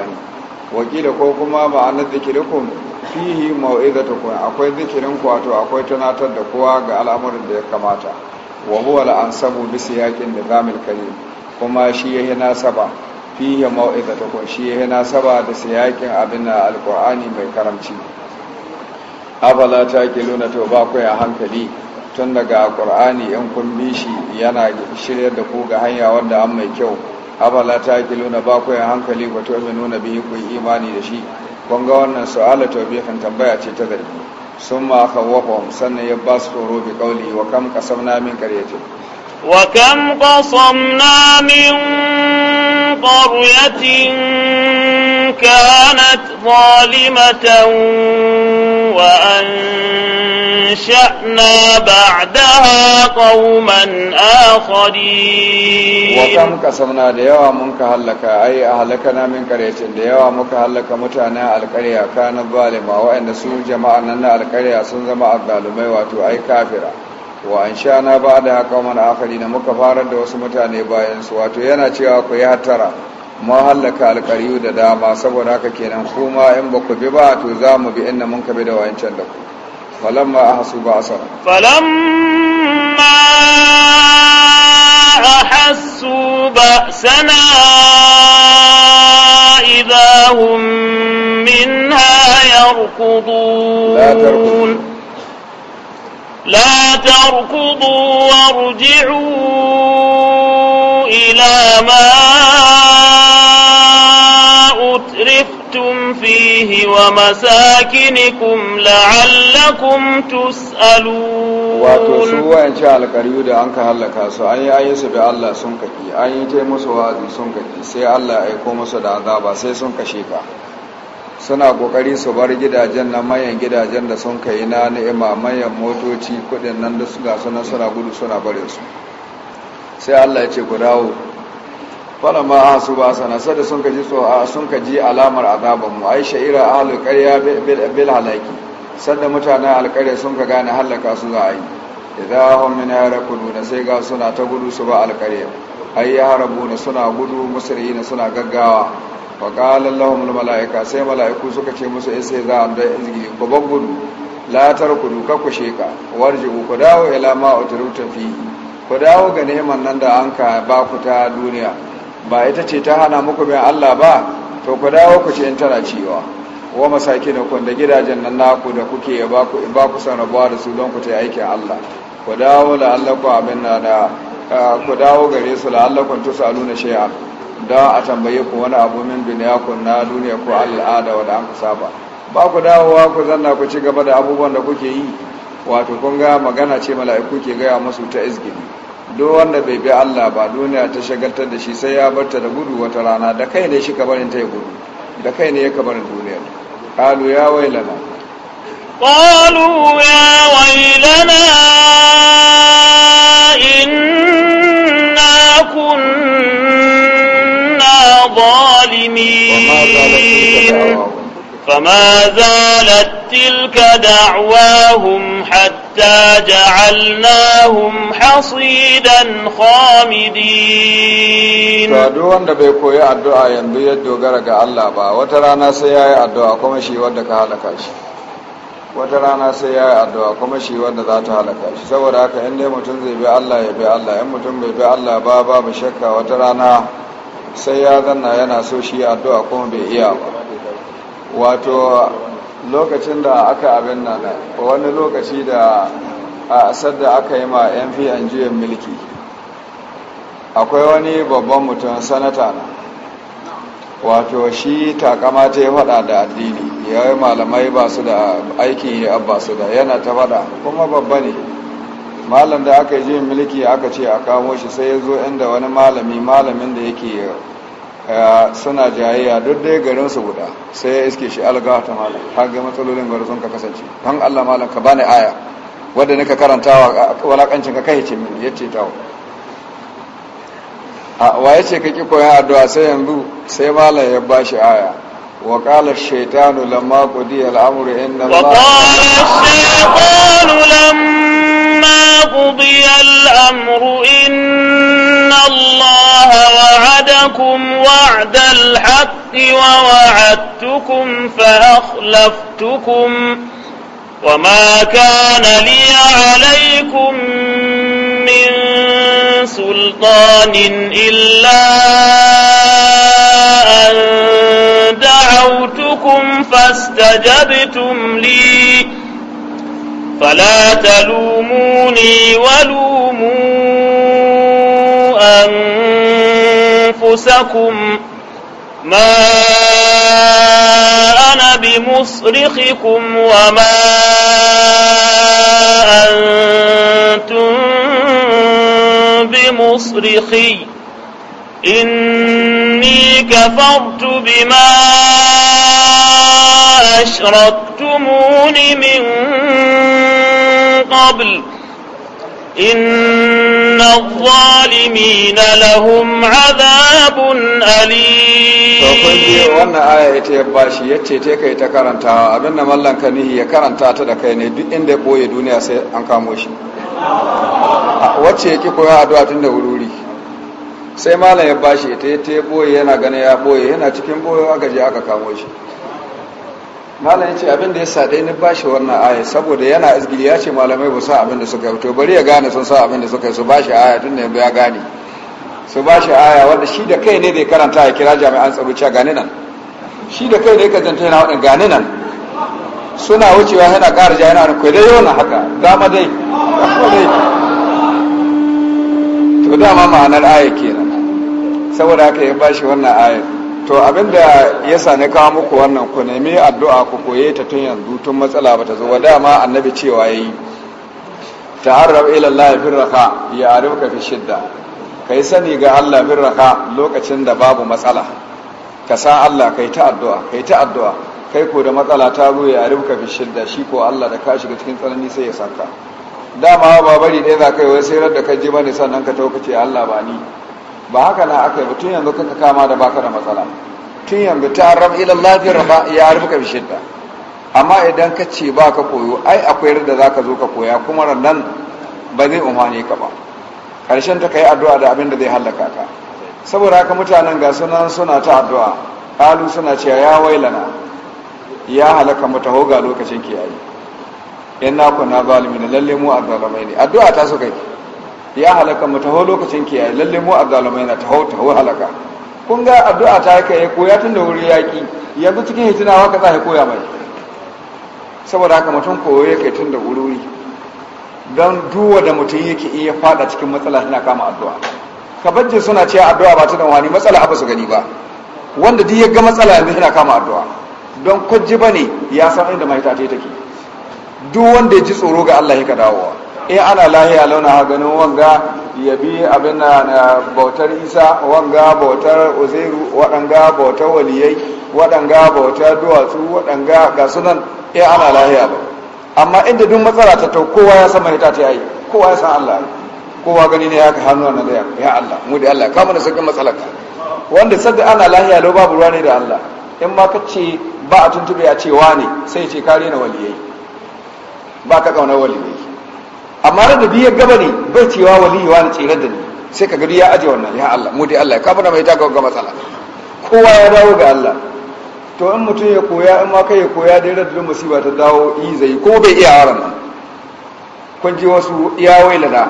alkur'ani wakila ko kuma ma'anar zikirikun fihi mau'izatukum akwai zikirin ku wato akwai tunatar da kowa ga al'amuran da ya kamata wa huwa al'ansabu bi siyaqin nizamil karim kuma shi yayi nasaba fihi mau'izatukum shi yayi nasaba da siyaqin abin alkur'ani mai karamci afala taqiluna to ba ku ya hankali tun daga Alƙur'ani, in kun bi shi yana shiryar da ku ga hanya wanda an mai kyau abala ta kiluna ba ku hankali mai nuna bihi ku imani da shi kun ga wannan su'ala kan tambaya ce ta zargi sun ma khawwafahum sannan ya ba su tsoro bi kauli wa kam qasamna min qaryatin wa kam qasamna min qaryatin كانت ظالمة وأنشأنا بعدها قوما آخرين وكم قسمنا ديوا منك هلك أي أهلكنا من قرية ديوا منك هلك متانا القرية كان ظالمة وإن سوء جماعنا القرية سنزم الظالمين واتو أي كافرة wa an sha na ba da haka mana akari na muka farar da wasu mutane bayan su wato yana cewa ku yi hattara ma hallaka alƙariyu da dama saboda haka kenan kuma in ba ku bi ba to za mu bi inda mun kabe da wayancan da ku falamma ahasu ba asara falamma ahasu ba sana idahum minha yarkudun la tarkudun لا تركضوا وارجعوا إلى ما أترفتم فيه ومساكنكم لعلكم تسألون wato su wayanci alkaryu da an ka hallaka su an yi ayi su bi Allah sun kaki an yi ta musu wa'azi sun kaki sai Allah ya aiko musu da azaba sai sun kashe ka suna kokari su bar gidajen na manyan gidajen da sun kai na ni'ima manyan motoci kudin nan da suka suna suna gudu suna bare su sai Allah ya ce ku dawo fara ma su ba sana sai da sun kaji tsoa sun kaji alamar azaban mu ai sha'ira ahlul qarya bil halaki sanda mutanen alƙarya sun ka gane halaka su za a yi idan hum min yarquduna sai ga suna ta gudu su ba alƙarya ai ya harabuna suna gudu musriyina suna gaggawa faƙalar lahun mala'ika sai mala'iku suka ce musu isa za a da izgi ku gudu latar kudu ka ku sheka warji ku dawo ilama a turutun fi ku dawo ga neman nan da an ka ba ku ta duniya ba ita ce ta hana muku mai allah ba to ku dawo ku ce in tana cewa wa masaki na kun da gidajen nan naku da kuke ba ku san rabuwa da su don ku ta aikin allah ku dawo da allah ku abin na da ku dawo gare su la allah kun tusa aluna don a tambaye ku wani abu min duniya ku na duniya ko al'ada wadda an ku saba ba ku dawowa ku zanna ku ci gaba da abubuwan da kuke yi wato kun ga magana ce mala'iku ke gaya musu ta izgini duk wanda bai bi Allah ba duniya ta shagaltar da shi sai ya barta da gudu wata rana da kai ne shi kabarin ta yi gudu da kai ne ya kabarin duniyar qalu ya wailana qalu ya wailana inna kunna الظالمين فما زالت تلك دعواهم حتى جعلناهم حصيدا خامدين to wanda bai koyi addu'a yanzu ya dogara ga Allah ba wata rana sai yayi addu'a kuma shi wanda ka halaka shi wata rana sai yayi addu'a kuma shi wanda za ta halaka shi saboda haka in dai mutum zai bi Allah ya bi Allah in mutum bai bi Allah ba babu shakka wata sai ya zanna yana so shi addu'a kuma bai iya ba wato lokacin da aka abin nan wani lokaci da a asar da aka yi ma yan fiyan juyin milki akwai wani babban mutum sanata na wato shi takama ta yi fada da addini ya yi malamai ba su da aikin yi abba su da yana ta fada kuma babba ne malam da aka je miliki aka ce a kamo shi sai ya zo inda wani malami malamin da yake eh, suna jayayya duk dai garin su guda sai ya iske shi alga ta malam har ga matsalolin gwar sun ka kasance don allah malam ka bani aya wadda nika karantawa walakancin ka kai ce min ya ce tawo wa waye ce ka ki koyan addu'a sai yanzu sai malam ya ba shi aya وقال الشيطان لما قضي inna إن wa qala الشيطان lamma قضي الأمر إن الله وعدكم وعد الحق ووعدتكم فأخلفتكم وما كان لي عليكم من سلطان إلا أن دعوتكم فاستجبتم لي فلا تلوموني ولوموا أنفسكم ما أنا بمصرخكم وما أنتم بمصرخي إني كفرت بما أشركتمون من قبل إن الظالمين لهم عذاب أليم wannan aya ita ya bashi ya ce te kai ta karanta abin da mallan kanihi ya karanta ta da kai ne duk inda ya boye duniya sai an kamo shi wacce yake koya addu'a tun da wururi sai mallan ya bashi ta ya boye yana gani ya boye yana cikin boyewa gaji aka kamo shi malam ya ce abin da ya sa dai ni bashi wannan aya saboda yana izgiri ya ce malamai ba sa abin da suka to bari ya gane sun sa abin da suka su bashi aya tun da ya gane su bashi aya wanda shi da kai ne da karanta ya kira jami'an tsaro cewa gane nan shi da kai ne ka zanta yana wadin gane nan suna wucewa yana ƙara ja yana kwai dai yawan haka dama dai to dama ma'anar aya kenan saboda haka ya bashi wannan ayar to abinda ya sani kawo muku wannan ku nemi addu'a ku koye ta tun yanzu tun matsala ta zo dama annabi cewa yayi ta'arrab ila Allah fi raka ya arifka fi shidda kai sani ga Allah fi raka lokacin da babu matsala ka san Allah kai ta addu'a kai ta addu'a kai ko da matsala ta zo ya arifka fi shidda shi ko Allah da ka shiga cikin tsanani sai ya saka dama ba bari dai za kai wai sai rar da ka ji bane sannan ka tauka ce Allah ba ni ba haka na aka yi ba tun yanzu kaka kama da baka da matsala tun yanzu ta rabu ila lafiyar ba ya ka bishidda amma idan ka ce ba ka koyo ai akwai yadda za ka zo ka koya kuma rannan ba zai umarni ka ba ƙarshen ta ka yi addu'a da abin da zai hallaka ka saboda haka mutanen ga sunan suna ta addu'a ƙalu suna cewa ya wailana ya halaka mu taho ga lokacin kiyaye yan na kuna zalimi na lalle mu zalamai ne addu'a ta su kai ya halaka mu taho lokacin kiyaye lalle mu a na taho taho halaka kun ga addu'a ta haka ya koya tun da wuri yaƙi yanzu cikin hitina ka za koya mai saboda haka mutum koyo ya kai tun da wuri don duwa da mutum yake in ya fada cikin matsala tana kama addu'a kabajje suna cewa addu'a ba ta da wani matsala abu su gani ba wanda duk ya ga matsala yanzu tana kama addu'a don kwaji ba ne ya san inda mai ta take duk wanda ya ji tsoro ga Allah ya ka dawowa in ana lahiya launa ha ganin wanga ya bi abin na bautar isa wanga bautar uzairu waɗanga bautar waliyai waɗanga bautar duwatsu waɗanga ga sunan in ana lahiya ba amma inda duk matsala ta tau kowa ya san mahita ta yi kowa ya san allah kowa gani ne ya ka hannu na da ya allah mu da allah kamar da sakin matsalar ka wanda sadda ana lahiya lau babu ruwa ne da allah in ma ka ce ba a tuntube a cewa ne sai ce kare na waliyai ba ka kauna waliyai amma da biya gaba ne bai cewa waliyi wani tsere da ni sai ka gari ya aje wannan ya Allah mu dai Allah ya kafa mai taka ga matsala kowa ya dawo ga Allah to in mutum ya koya in ma kai ya koya dai radda musiba ta dawo yi zai ko bai iya waran nan kun ji wasu ya wailana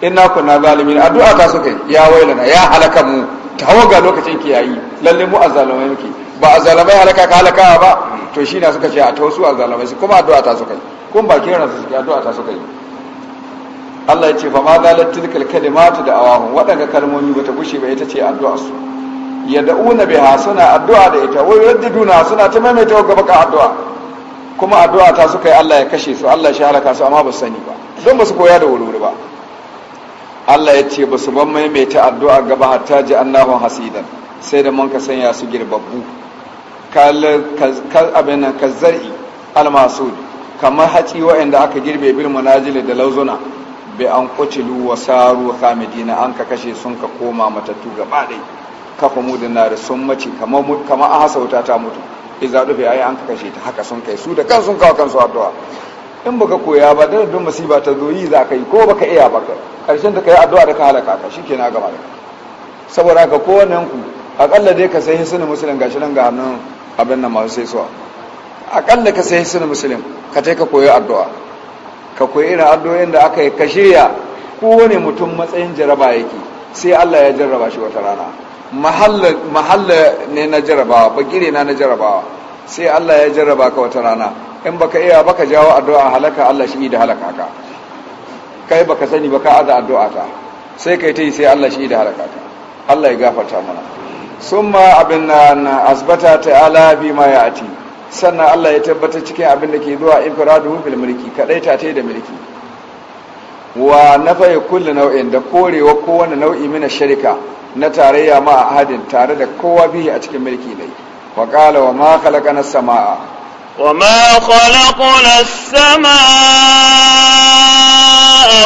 inna kunna zalimin addu'a ta suke ya wailana ya halaka mu tawaga lokacin kiyayi lalle mu azzalumai muke ba a zalamai halaka ka halaka ba to shi na suka ce a tausu a zalamai su kuma addu'a ta suka yi kun ba kiran su suke addu'a ta suka yi Allah ya ce fa ma zalat tilkal kalimatu da awahum wadanga kalmomi bata gushe ba ita ce addu'a su yad'una biha suna addu'a da ita wai yadduna suna ta maimaita gaba ka addu'a kuma addu'a ta suka yi Allah ya kashe su Allah shi halaka su amma ba su sani ba don ba su koya da wuri ba Allah ya ce ba su ban maimaita addu'a gaba hatta ji annahu hasidan sai da mun ka sanya su girbabbu abin kazzari almasu kamar haci wa'anda aka girbe bil manajili da lauzuna bi an kucilu wa saru khamidina an ka kashe sun ka koma matattu gaba dai kafa mudin da sun mace kamar an hasauta ta mutu iza dufe ayi an ka kashe ta haka sun kai su da kan sun kawo kansu addu'a in baka koya ba da dun masiba ta zo yi za ka yi ko baka iya ba karshen ta kai addu'a da ka halaka ka shikenan gaba da saboda haka kowannen ku akalla dai ka sai hisnin musulun gashi nan ga hannun abin nan masu sai suwa akalla ka sai suna musulun ka ta ka koyi addu'a ka koyi irin addu'o'in da aka yi ka shirya kowane mutum matsayin jaraba yake sai allah ya jarraba shi wata rana mahalla ne na jarrabawa bagire na na jarrabawa sai allah ya jarraba ka wata rana in baka iya baka jawo addu'a halaka allah shi da halaka ka kai baka sani baka aza addu'a ta sai kai ta yi sai allah shi da halaka ka allah ya gafarta mana Sun ma abin na asbata ala bi ma ati, sannan Allah ya tabbatar cikin abin da ke zuwa infiradu bil mulki kadai ta da mulki wa na nafaya kulle nau'in da korewa kowane nau'i mina sharika na tarayya ma hadin tare da kowa bihi a cikin mulki ne wa kala wa ma samaa وما خلقنا السماء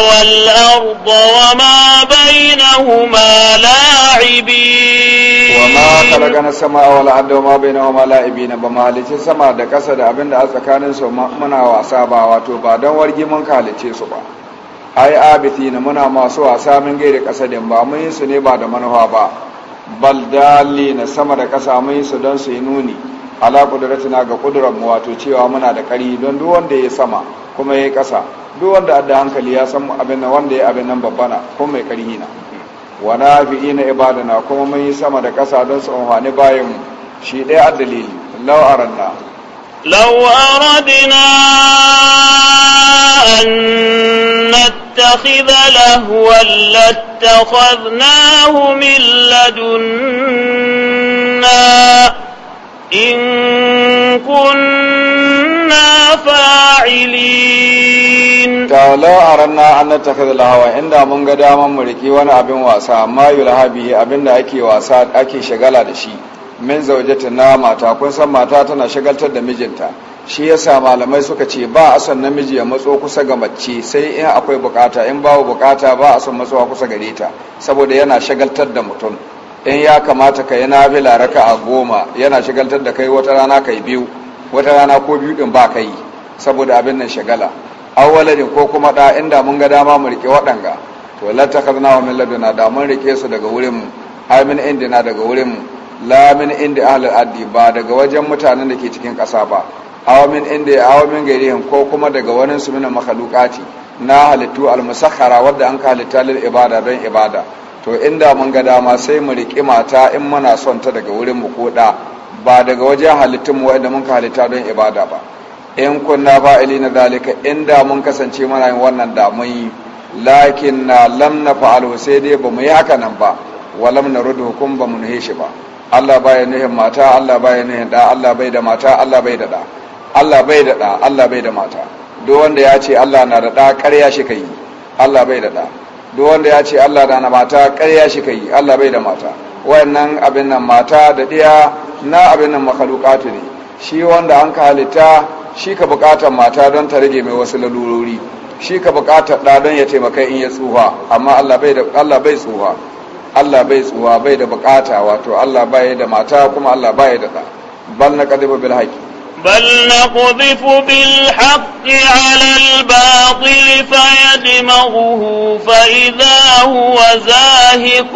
والأرض وما بينهما لاعبين وما خلقنا السماء والأرض وما بينهما لاعبين بما halicci sama da ƙasa da abin a tsakanin su muna wasa ba wato ba don wargi mun halicce su ba ai abitina muna masu wasa mun gaida ƙasa din ba mun yi su ne ba da manufa ba bal na sama da ƙasa mun yi su don su nuni ala kudratina ga kudurar mu wato cewa muna da ƙari don duk wanda ya sama kuma ya ƙasa duk wanda adda hankali ya san abin nan wanda ya abin nan babbana kuma mai ƙarhi na wa nafi'ina ibadana kuma mun yi sama da ƙasa don su amfani bayan mu shi ɗaya addalili law aranna law aradna an nattakhidha lahwan min ladunna إن كنا فاعلين تعالى أرنا أن نتخذ الهوى عند من قدام ملكي وانا أبن واسا ما يلها به أبن أكي واسا أكي شغالة دشي min زوجتنا mata kun san mata tana shagaltar da mijinta shi yasa malamai suka ce ba a son namiji ya matso kusa ga mace sai in akwai bukata in babu bukata ba a son matsowa kusa gare ta saboda yana shagaltar da mutum in ya kamata ka yi nafila raka a goma yana shigaltar da kai wata rana kai biyu wata rana ko biyu din ba kai saboda abin nan shagala awwaladin ko kuma da inda mun ga dama mu rike waɗanga to la takhadna wa min laduna da mun rike su daga wurin mu ai min indina daga wurin mu la min indi ahli addi ba daga wajen mutanen da ke cikin ƙasa ba awa min indi awa min gairihim ko kuma daga wani su min makhluqati na halittu al-musakhara wanda an ka halitta lil ibada don ibada to inda mun ga dama sai mu riƙi mata in muna son ta daga wurin mu ko da ba daga wajen halittun mu wanda mun ka halitta don ibada ba in kunna fa'ili na dalika inda mun kasance muna yin wannan da mun yi lakin na lam na fa'alu sai dai ba mu yi haka nan ba walam na rudu hukum ba mu nuhe shi ba Allah ya nuhin mata Allah ya nuhin da Allah bai da mata Allah bai da da Allah bai da da Allah bai da mata duk wanda ya ce Allah na da da ƙarya shi kai Allah bai da da duk wanda ya ce Allah da na mata ƙarya shi kai Allah bai da mata wayannan abin nan mata da ɗiya na abin nan ta ne shi wanda an ka halitta shi ka buƙatar mata don ta rage mai wasu lalurori shi ka buƙatar ɗa don ya taimaka in ya tsufa amma Allah bai da Allah bai tsufa Allah bai bai da buƙata wato Allah bai da mata kuma Allah bai da ɗa bal na kadifa bil haqi بل نقذف بالحق على الباطل فيدمغه فإذا هو زاهق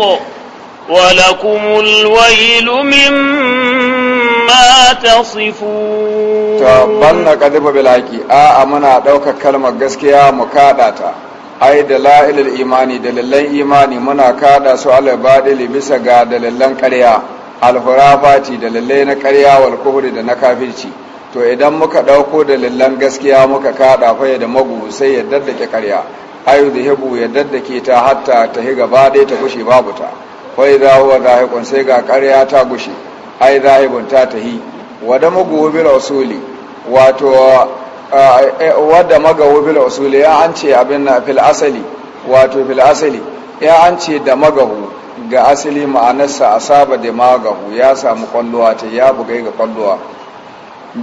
ولكم الويل مما تصفون بل نقذف بالحق آمنا دوك كلمة قسكيا مكاداتا ai da la'ilil imani dalilan imani muna kada su alabadili bisa ga dalilan ƙarya alhurafati dalilai na ƙarya wal da na kafirci to idan muka dauko dalilan gaskiya muka kada fa da magu sai ya ke karya ayu da hebu ya ke ta hatta ta hi gaba dai ta gushe babu ta wai da huwa zahiqun sai ga karya ta gushe ai zahibun ta hi wada magu bil usuli wato wadda magawo bil usuli ya an ce abin na fil asali wato fil asali ya an ce da hu ga asali ma'anarsa asaba da magahu ya samu kwallowa ta ya bugai ga kwallowa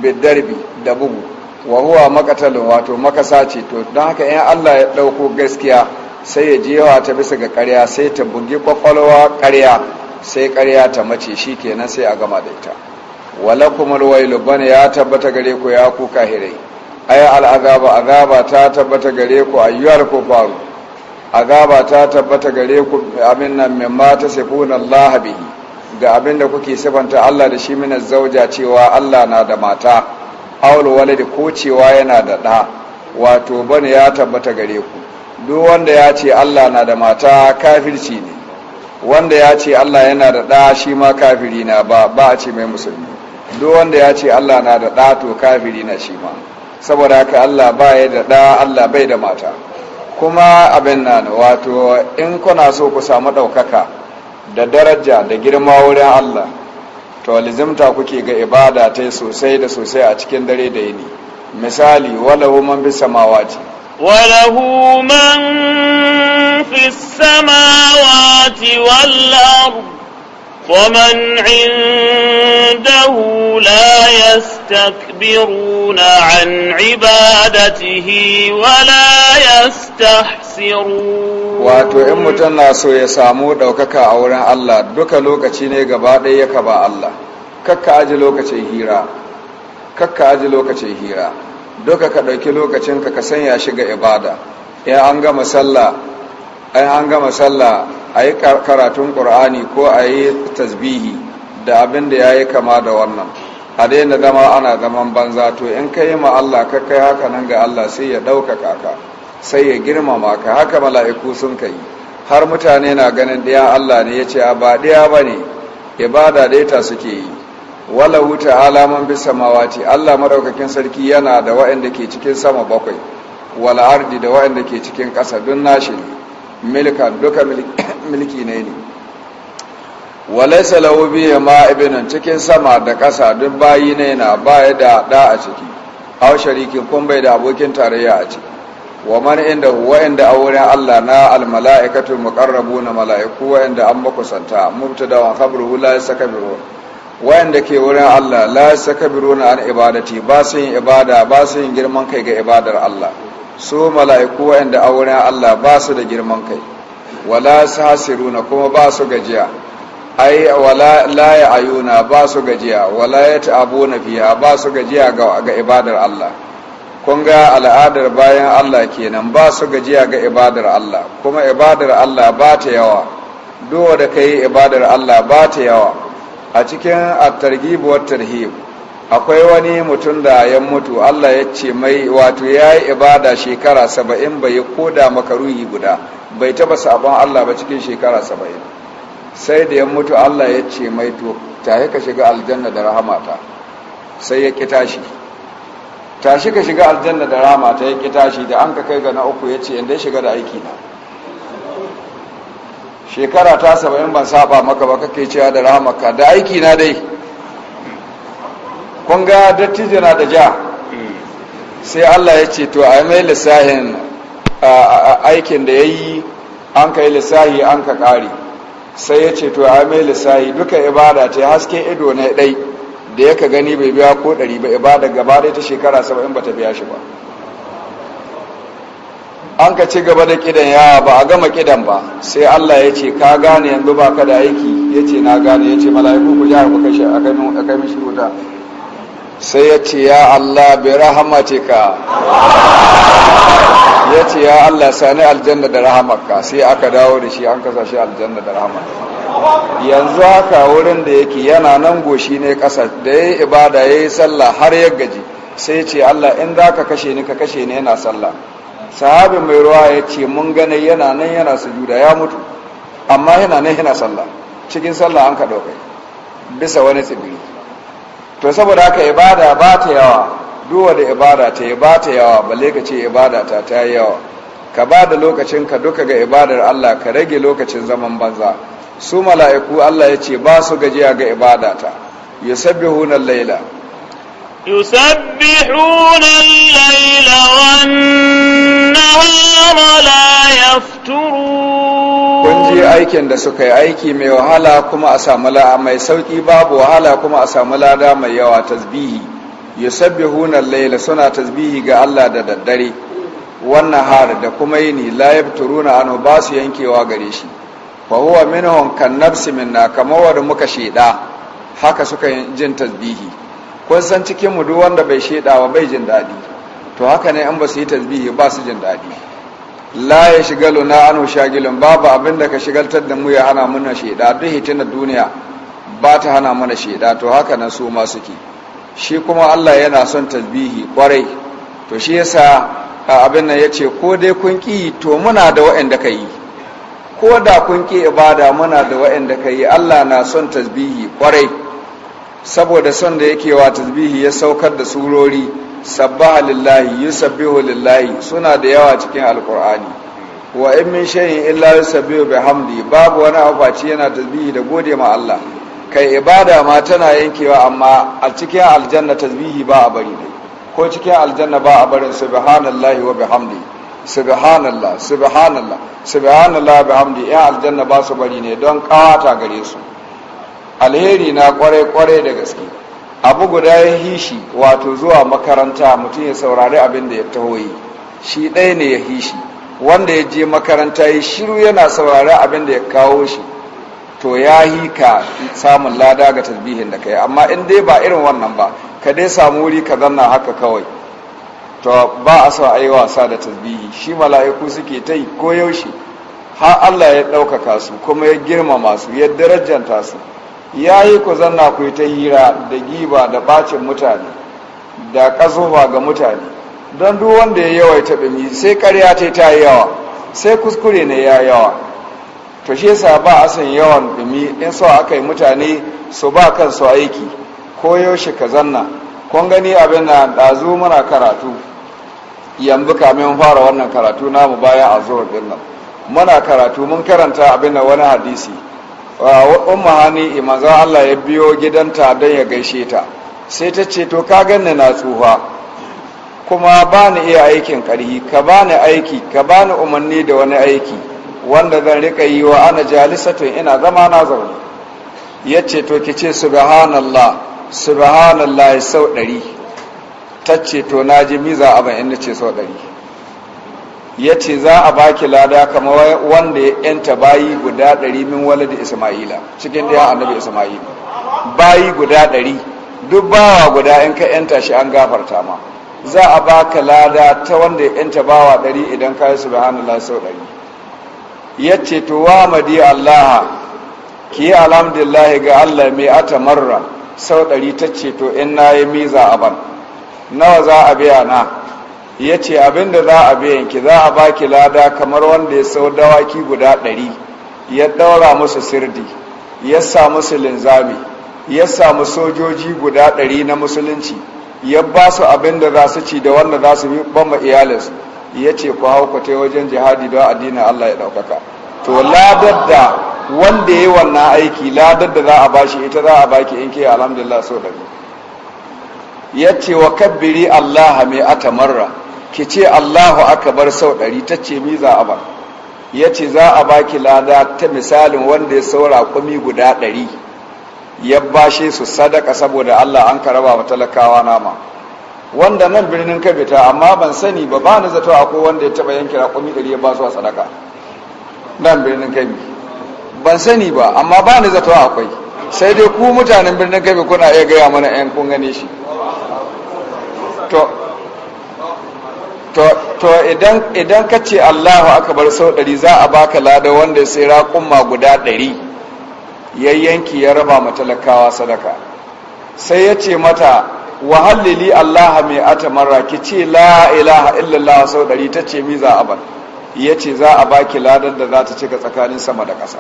bidarbi da bugu wa huwa makatalin wato makasa ce to don haka in Allah ya ɗauko gaskiya sai ya jewa ta bisa ga ƙarya sai ta bugi kwakwalwa ƙarya sai ƙarya ta mace shi kenan sai a gama da ita wala kuma wailu ya tabbata gare ku ya ku kahirai ay agaba Agaba ta tabbata gare ku ayyuhal kufaru Agaba ta tabbata gare ku aminna mimma tasifuna Allah bihi ga abin da kuke sifanta Allah da shi mina zauja cewa Allah na da mata aul walidi ko cewa yana da ɗa wato bane ya tabbata gare ku duk wanda ya ce Allah na da mata kafirci ne wanda ya ce Allah yana da ɗa shi ma kafiri na ba ba a ce mai musulmi duk wanda ya ce Allah na da ɗa to kafiri na shi ma saboda haka Allah ba ya da ɗa Allah bai da mata kuma abin nan wato in kuna so ku samu ɗaukaka da daraja da girma wurin Allah to alizimta kuke ga ibada ta sosai da sosai a cikin dare da yini misali walahu man fi samawati walahu man fi samawati wal ومن عنده لا يستكبرون عن عبادته ولا يستحسرون wato in mutum na so ya samu ɗaukaka a wurin Allah duka lokaci ne gaba ɗaya ya ba Allah kakka aji lokacin hira kakka aji lokacin hira duka ka ɗauki lokacin ka ka sanya shi ga ibada in an gama sallah an gama sallah a yi karatun ƙur'ani ko a yi tasbihi da abin da ya yi kama da wannan a daina zama ana zaman banza to in ka yi ma Allah ka kai haka nan ga Allah sai ya ɗaukaka ka sai ya girmama ka haka mala'iku sun kai har mutane na ganin ɗaya Allah ne ya ce ba ɗaya ba ne ibada daita suke yi wala wuta alaman bisa mawati Allah maɗaukakin sarki yana da waɗanda ke cikin sama bakwai wala ardi da waɗanda ke cikin ƙasa don nashi ne milka duka milki ne ne walaisa lahu bihi ma ibinan cikin sama da ƙasa duk bayi ne na baya da da a ciki au sharikin kun bai da abokin tarayya a ciki wa man inda huwa inda wurin Allah na al malaikatu na malaiku wa inda an makusanta mubtada wa khabruhu la yasakabiru wa inda ke wurin Allah la yasakabiruna an ibadati ba su yin ibada ba su yin girman kai ga ibadar Allah su mala'iku wa'anda a wurin Allah ba su da girman kai wala su na kuma ba su gajiya ai wala laye ayuna ba su gajiya wala ya na fiya ba su gajiya ga ga ibadar Allah kun ga al'adar bayan Allah kenan ba su gajiya ga ibadar Allah kuma ibadar Allah ba ta yawa duwa da kai ibadar Allah ba ta yawa a cikin at-targhib akwai wani mutum da ya mutu Allah ya ce mai wato ya yi ibada shekara saba'in bai koda ruhi guda bai taba sabon Allah ba cikin shekara saba'in sai da ya mutu Allah ya ce mai to tahi ka shiga aljanna da rahamata sai ya ƙi tashi tashi ka shiga aljanna da rahamata ya ƙi tashi da an ka kai ga na uku ya ce inda shiga da aiki na shekara ta saba'in ban saba maka ba kake cewa da rahamaka da aiki na dai kun ga dattijo na da ja sai Allah ya ce to a mai lissahin aikin da ya yi an ka yi lissahi an ka ƙari sai ya ce to a mai lissahi duka ibada ta haske ido na ɗai da ya ka gani bai biya ko ɗari ba ibada gaba ta shekara saba'in ba ta biya shi ba an ka ci gaba da kidan ya ba a gama kidan ba sai Allah ya ce ka gane yanzu ba ka da aiki ya ce na gane ya ce mala'iku ku ji a kai mishi wuta sai ya ce ya Allah bi rahamatika ya ce ya Allah sani aljanna da ka sai aka dawo da shi an kasa shi aljanna da rahamarka yanzu haka wurin da yake yana nan goshi ne kasa da ya yi ibada ya yi sallah har ya gaji sai ce Allah in za ka kashe ni ka kashe ni yana sallah sahabin mai ruwa ya ce mun gane yana nan yana sujuda ya mutu amma yana nan yana sallah cikin sallah an ka ɗaukai bisa wani tsibiri to saboda haka ibada ba ta yawa duwa da ibada ta yi ba ta yawa balle ka ce ibada ta ta yi yawa ka ba da lokacinka duka ga ibadar Allah ka rage lokacin zaman banza su mala'iku Allah ya ce ba su gajiya ga ibadata sabbi hunan laila يسبحون الليل والنهار aikin da suka yi aiki mai wahala kuma a samu la'a mai sauki babu wahala kuma a samu lada mai yawa tasbihi yusabbi hunan Laila suna tasbihi ga Allah da daddare wannan har da kuma yi yini layab turuna ano ba su yankewa gare shi fa huwa minhum kan nafsi minna kamar wadda muka sheda haka suka jin tasbihi kun san cikin mu duk wanda bai sheda ba bai jin dadi to haka ne an ba su yi tasbihi ba su jin daɗi. la ya shiga luna anu shagilin babu abin da ka shigaltar da mu ya hana mana sheda duk hitinar duniya ba ta hana mana sheda to haka nan su ma suke shi kuma Allah yana son tasbihi kwarai to shi yasa abin nan yace ko dai kun ki to muna da wa'anda ka yi ko da kun ki ibada muna da waanda ka yi Allah na son tasbihi kwarai saboda son da yake wa tasbihi ya saukar da surori sabbaha lillahi yusabbihu lillahi suna da yawa cikin alqur'ani wa in min shay'in illa yusabbihu bihamdi babu wani abaci yana tasbihi da gode ma Allah kai ibada ma tana yankewa amma a cikin aljanna tasbihi ba a bari ne ko cikin aljanna ba a barin subhanallahi wa bihamdi subhanallah subhanallah subhanallah bihamdi ya aljanna ba su bari ne don kawata gare su alheri na kwarai kwarai da gaske abu guda ya hishi wato zuwa makaranta mutum ya saurari abin da ya taho yi shi ɗaya ne ya hishi wanda ya je makaranta ya shiru yana saurari abin da ya kawo shi to ya hi ka samun lada ga tarbihin da ka yi. amma in dai ba irin wannan ba ka dai samu wuri ka zanna haka kawai to ba a so a yi wasa da tarbihi shi mala'iku suke ta yi ko yaushe har Allah ya ɗaukaka su kuma ya girmama su ya darajanta su ya yi ku zanna ku yi ta hira da giba da bacin mutane da kazuwa ga mutane don duk wanda ya yawaita ɗumi sai ƙarya ta ta yawa sai kuskure ne ya yawa to shi sa ba a san yawan ɗumi in so aka yi mutane su ba kansu aiki ko yaushe ka zanna kun gani abin da ɗazu mana karatu yanzu kamin fara wannan karatu namu bayan a zuwa nan muna karatu mun karanta abin da wani hadisi umma hani imanza Allah ya biyo gidanta don ya gaishe ta sai ta ce to ka ganni na tsufa kuma ba ni iya aikin karhi ka ba ni aiki ka ba ni umarni da wani aiki wanda zan rika yi wa ana jalisatun ina zama na zaune ya ce to ki ce subhanallah subhanallah sau ɗari ta ce to na ji miza abin inda ce sau ɗari ya ce za a baki lada kamar wanda ya yanta bayi guda ɗari min wala da isma'ila cikin da ya annabi isma'ila bayi guda ɗari duk bawa guda in ka yanta shi an gafarta ma za a baka lada ta wanda ya yanta bawa ɗari idan ka yi subhanallah sau ɗari ya ce to wa madi allah ki yi alhamdulillah ga allah mai ata marra sau ɗari ta ce to in na yi miza aban nawa za a biya na ya ce abinda za a bayanki za a baki lada kamar wanda ya sau dawaki guda ɗari ya ɗaura musu sirdi ya sa musu linzami ya samu sojoji guda ɗari na musulunci ya ba su abinda za su ci da wanda za su bama iyalinsu ya ce ku hau ku ta wajen jihadi don addinin Allah ya ɗaukaka to ladar da wanda ya yi wannan aiki ladar da za a bashi ita za a baki in ke alhamdulillah so da ya ce wa kabbiri Allah mai atamarra ki ce allahu bar sau ɗari ta ce mi za a ba ya ce za a baki lada ta misalin wanda ya saura kumi guda ɗari ya bashe su sadaka saboda allah an karaba wa talakawa nama wanda nan birnin kabita amma ban sani ba ba ni zato ko wanda ya taba yanki raƙumi ɗari ya ba su a sadaka nan birnin kabi ban sani ba amma ba ni zato akwai sai dai ku mutanen birnin kabi kuna iya gaya mana 'yan kun gane shi to to idan ka ce allahu bar sau ɗari za a baka lada wanda sai raƙumma guda ɗari ya yayyanki ya raba matalakawa sadaka sai ya ce mata wahallili allaha mai atamarra ki ce la ilaha illallah sau ɗari ta ce mi za a ban ya ce za a baki ladar da za ta cika tsakanin sama da ƙasa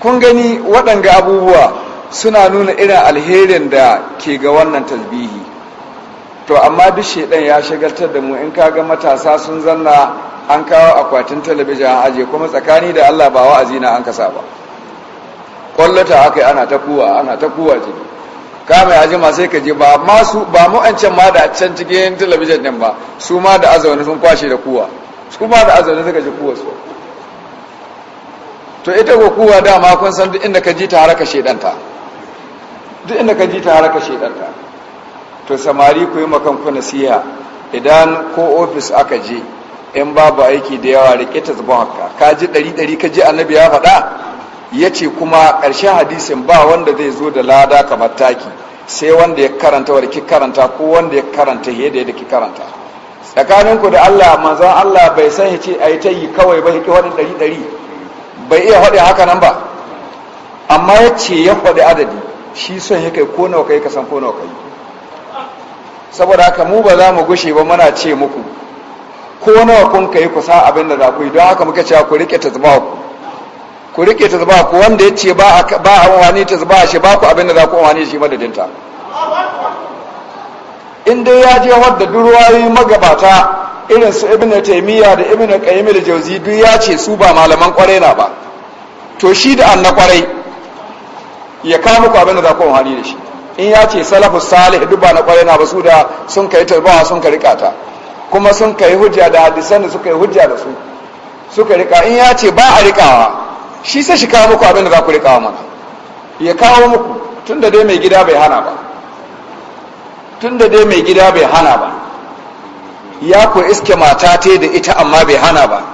kun gani waɗanga abubuwa suna nuna irin alherin da ke ga wannan tasbihi to amma duk shaidan ya shagaltar da mu in kaga matasa sun zanna an kawo akwatin talabijin an aje kuma tsakani da Allah ba wa'azi na an kasa ba kwallata aka yi ana ta kuwa ana ta kuwa jini Kama aji ma sai ka je ba masu ba mu an can ma da can cikin talabijin din ba su ma da azauni sun kwashe da kuwa su ma da azauni suka ji kuwa su to ita ko kuwa dama kun san duk inda ka ji ta haraka shaidanta duk inda ka ji ta haraka shedanta to samari ku yi makanku nasiha idan ko ofis aka je in babu aiki da yawa rike ta zaban haka ka ji ɗari ɗari ka ji annabi ya faɗa ya ce kuma ƙarshen hadisin ba wanda zai zo da lada kamar taki sai wanda ya karanta wadda ki karanta ko wanda ya karanta yadda da ki karanta tsakaninku da allah manzan allah bai san ya ce a yi ta yi kawai ba ya ƙi ɗari ɗari bai iya faɗi haka nan ba amma ya ce ya faɗi adadi shi son ya kai ko nawa kai ka san ko nawa kai saboda haka mu ba za mu gushe ba muna ce muku ko nawa kun kai ku sa abin da za ku yi don haka muka cewa ku rike tazba ku ku rike tazba ku wanda ya ce ba a wani tazbahu shi ba ku abin da za ku wani shi madadinta in dai ya je wadda durwayi magabata irin su ibn taymiya da ibn qayyim al-jawzi duk ya ce su ba malaman kwarai na ba to shi da annakwarai kwarai ya kawo muku abin da za ku wani da shi in ya ce salafu salih duba na kwarai na basu da sun kai talbawa sun ka rika ta kuma sun kai hujja da hadisan da suka yi hujja da su suka rika in ya ce ba a rikawa shi sai shi kawo muku abin da za ku rikawa mana ya kawo muku tun da dai mai gida bai hana ba tun da dai mai gida bai hana ba ya ku iske mata ta da ita amma bai hana ba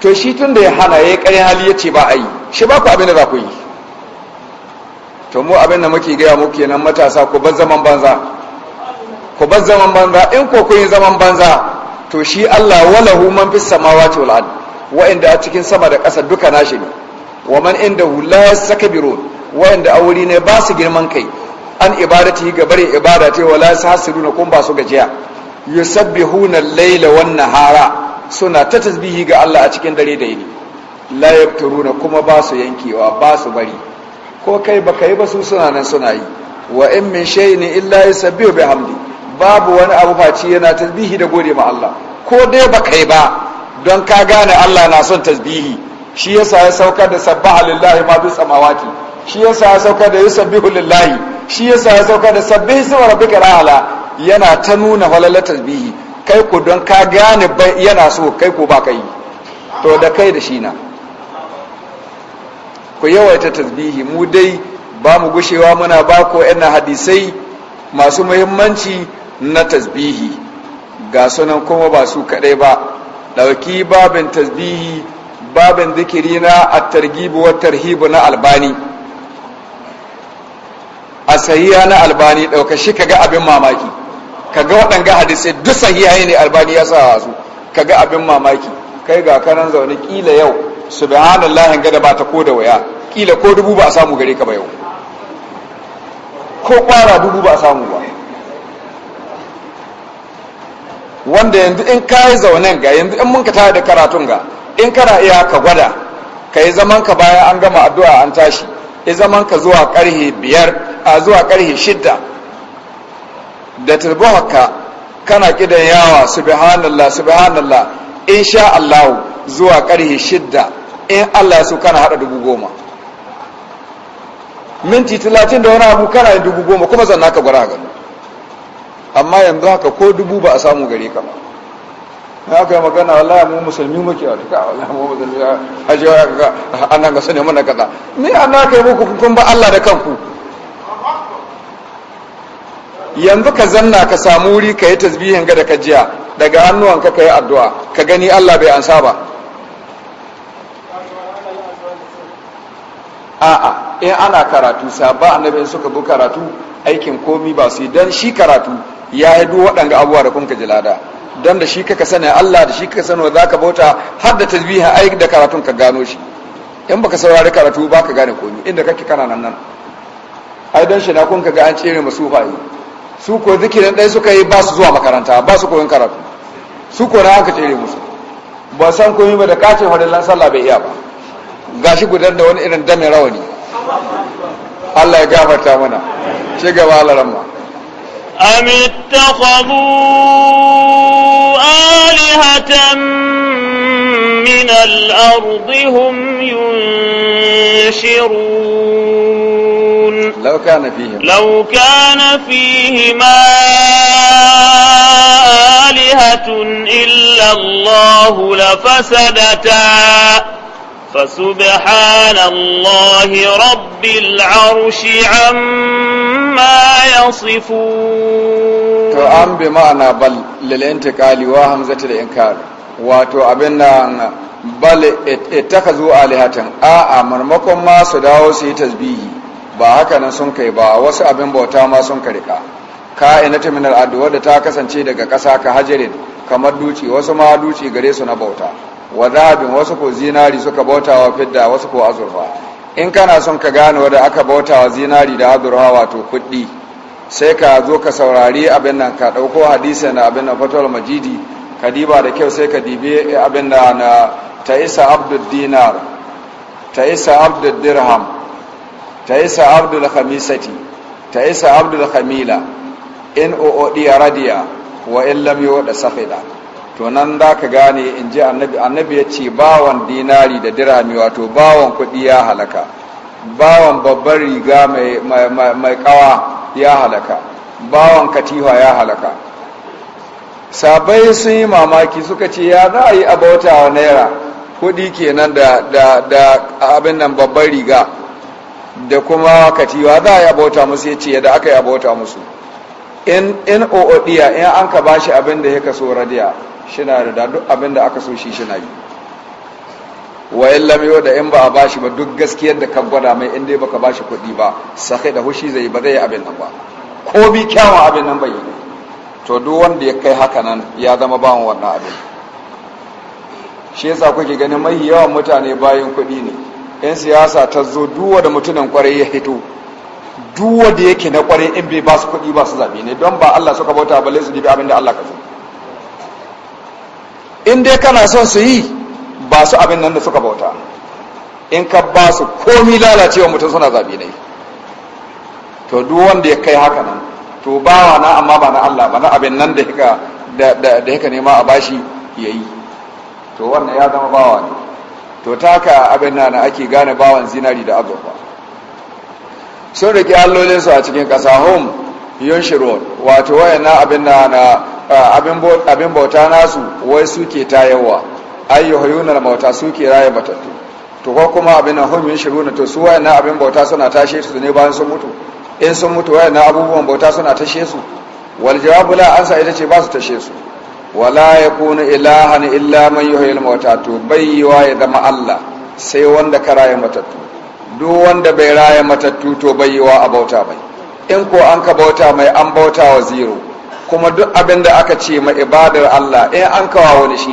to shi tun da ya hana ya yi karin hali ya ce ba a yi shi ba ku abin da za ku yi to mu abin da muke gaya mu kenan matasa ku bar zaman banza ku bar zaman banza in ko kun yi zaman banza to shi Allah walahu man fis samawati wal ard inda a cikin sama da ƙasa duka nashi ne wa man inda la yastakbirun wa inda awuri ne ba su girman kai an ibadati ga bare ibada ta wala yasasiruna kun ba su gajiya yusabbihuna al-laila wan nahara suna ta tasbihi ga Allah a cikin dare da yini la yabturuna kuma ba su yankewa ba su bari ko kai baka yi ba su suna nan suna yi wa in min ni, illa yusabbihu bihamdi babu wani abu face yana tasbihi da gode ma Allah ko dai baka yi ba don ka gane Allah na son tasbihi shi yasa ya saukar da sabbaha lillahi ma bis samawati shi yasa ya saukar da yusabbihu lillahi shi yasa ya saukar da sabbihi isma rabbika ala yana ta nuna halalar tasbihi kai ko don ka gane yana so kai ko ba ka yi to da kai da shi na ku yawaita tasbihi mu dai ba mu gushewa muna ba ko yana hadisai masu muhimmanci na tasbihi ga sunan kuma ba su kaɗai ba ɗauki babin tasbihi babin zikiri na at-targhibu wa tarhibu na albani a sahiya na albani ɗauka shi kaga abin mamaki kaga waɗanga hadisai duk sahiya ne albani ya sa su kaga abin mamaki kai ga kanan zaune kila yau in gada ba ta ko da waya kila ko dubu ba a samu gare ka ba yau ko kwara dubu ba a samu ba wanda yanzu in ka yi zaunen ga yanzu in mun ka tare da karatun ga in kana iya ka gwada ka yi zaman ka bayan an gama addu'a an tashi yi zaman ka zuwa karhe biyar a zuwa karhe shidda da turbuhaka kana kidan yawa subhanallah subhanallah sha Allah zuwa karhe shidda in Allah ya so kana hada dubu goma minti talatin da wani abu kana yin dubu goma kuma zanna ka gwara gano amma yanzu haka ko dubu ba a samu gare ka ba ya aka yi magana wallahi mu musulmi muke a duka wallahi mu musulmi a jiwa ya kaga an nan gasa ne mana kaza ni an na yi muku kun ba Allah da kanku yanzu ka zanna ka samu wuri ka yi tasbihin ga da ka jiya daga hannuwanka ka yi addu'a ka gani Allah bai ansa ba a'a in ana karatu sabba annabi suka bu karatu aikin komi ba su dan shi karatu ya yi duk waɗanga abubuwa da kunka ka jilada don da shi kaka sani Allah da shi kaka sani za ka bauta har da tasbiha ai da karatun ka gano shi in baka saurari karatu ba ka gane komi inda kake kana nan nan ai don shi na kunka ga an cire masu fa'i su ko zikirin ɗaya suka yi ba su zuwa makaranta ba su koyon karatu su ko na aka cire musu ba san komi ba da kace farillan sallah bai iya ba gashi gudan da wani irin dame rawani Allah ya gafarta mana ci gaba alaramma أم اتخذوا آلهة من الأرض هم ينشرون لو كان فيهما لو كان فيهما آلهة إلا الله لفسدتا فسبحان الله رب العرش عما يصفون to an bi ma'ana bal lil intiqali wa hamzati da inkar wato abin nan bal ittakhazu alihatan a a marmakon ma su dawo su yi tasbihi ba haka nan sun kai ba wasu abin bauta ma sun karika ka'inatu min al da ta kasance daga ƙasa ka hajarin kamar duci wasu ma duci gare su na bauta wa zahabin wasu ko zinari suka bauta wa fidda wasu ko azurfa in kana son ka gane wanda aka bauta wa zinari da azurfa wato kuɗi sai ka zo ka saurari abin nan ka ɗauko hadisi na abin nan fatawar majidi ka diba da kyau sai ka dibe abin da na ta isa abdul dinar ta isa abdul dirham ta isa abdul khamisati ta isa abdul khamila in o'odi radiya wa in lam yuwa da safida to nan za ka gane in ji annabi annabi ya ce bawan dinari da dirami wato bawan kuɗi ya halaka bawan babbar riga mai kawa ya halaka bawan katifa ya halaka sabai sun yi mamaki suka ce ya za a yi wa naira kuɗi kenan da abin nan babbar riga da kuma katiwa za a yi abauta musu ya ce yadda aka yi abauta musu in o'odiya in an ka bashi abin da ya kaso radiya shina da duk abin da aka so shi shina yi wa in lam da in ba a bashi ba duk gaskiyar da ka gwada mai inda dai baka bashi kuɗi ba sakai da hushi zai ba zai abin nan ba ko bi kyawun abin nan bai to duk wanda ya kai haka nan ya zama mu wannan abin shi yasa kuke gani mai yawan mutane bayan kuɗi ne yan siyasa ta zo duwa da mutunan kwarai ya hito duwa da yake na kwarai in bai ba su kuɗi ba su zaɓe ne don ba Allah suka bauta ba lai su dibi abin da Allah ka so in dai kana son su yi ba su abin nan da suka bauta in ka ba su komi lalacewa mutum suna zabi ne to duk wanda ya kai haka nan to bawa na amma ba na Allah ba na abin nan da yaka da yaka nema a bashi yayi to wannan ya zama bawa ne to taka abin nan ake gane bawan zinari da azurfa sun rike allolinsu a cikin ƙasa home yunshirun wato na abin na abin bauta nasu wai suke tayarwa ayyuhayunar mauta suke raye matattu to ko kuma abin na hum yunshirun to su na abin bauta suna tashe su ne bayan sun mutu in sun mutu na abubuwan bauta suna tashe su wal jawabu la ansa ita ce ba su tashe su wala yakunu ilahan illa man yuhyil mauta to bayyawa ya zama Allah sai wanda ka raye matattu duk wanda bai raye matattu to bayyawa a bauta bai in ko an ka bauta mai an bauta wa zero kuma duk abin da aka ce ma ibadar Allah in an kawo wani shi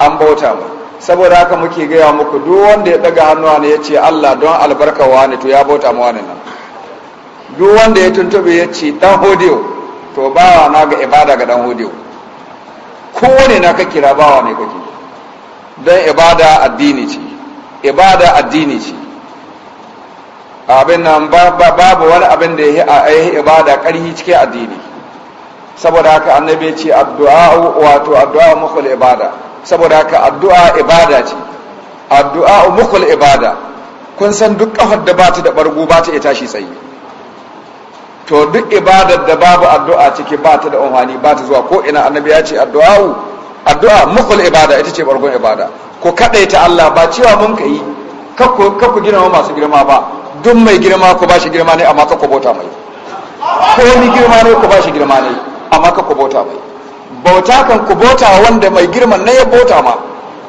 an bauta mai saboda haka muke gaya muku duk wanda ya daga hannuwa ne ya ce Allah don albarka wani to ya bauta ma wani nan duk wanda ya tuntube ya ce dan hodiyo to bawa na ga ibada ga dan hodiyo kowane na ka kira bawa ne kake don ibada addini ce ibada addini ce abin nan babu wani abin da ya yi ibada karhi cike addini saboda haka annabi ya ce addu'a wato addu'a mukul ibada saboda haka addu'a ibada ce addu'a mukul ibada kun san duk kafar da bata da bargo bata ita shi tsaye to duk ibadar da babu addu'a ciki bata da umhani bata zuwa ko ina annabi ya ce addu'a addu'a mukul ibada ita ce bargon ibada ku kadaita Allah ba cewa mun kai kakku kakku gina masu girma ba duk mai girma ku bashi girma ne amma ka kubota mai ko ni girma ne ku bashi girma ne amma ka kubota mai bauta kan kubota wanda mai girma na ya bota ma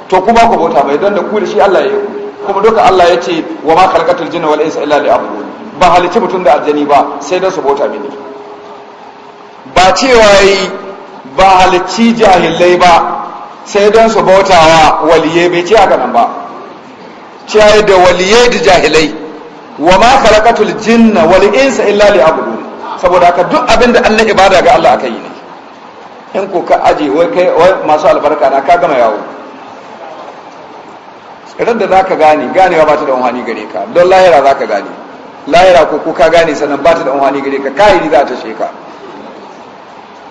to ku ba kubota mai don da ku da shi Allah ya yi kuma duka Allah ya ce wa ma khalaqatul jinna wal insa illa liya'budun ba halici mutum da aljani ba sai don su bota mini ba cewa yi ba halici jahilai ba sai don su bautawa waliyai bai ce haka nan ba cewa da waliyai da jahilai wa ma khalaqatul jinna wal insa illa liya'budun saboda haka duk abin da Allah ibada ga Allah akai ne in ko ka aje wai kai wai masu albarka na ka gama yawo idan da zaka gane ganewa ba ta da wani gare ka don lahira zaka gane lahira ko ko ka gane sanan ba ta da wani gare ka kai za ta sheka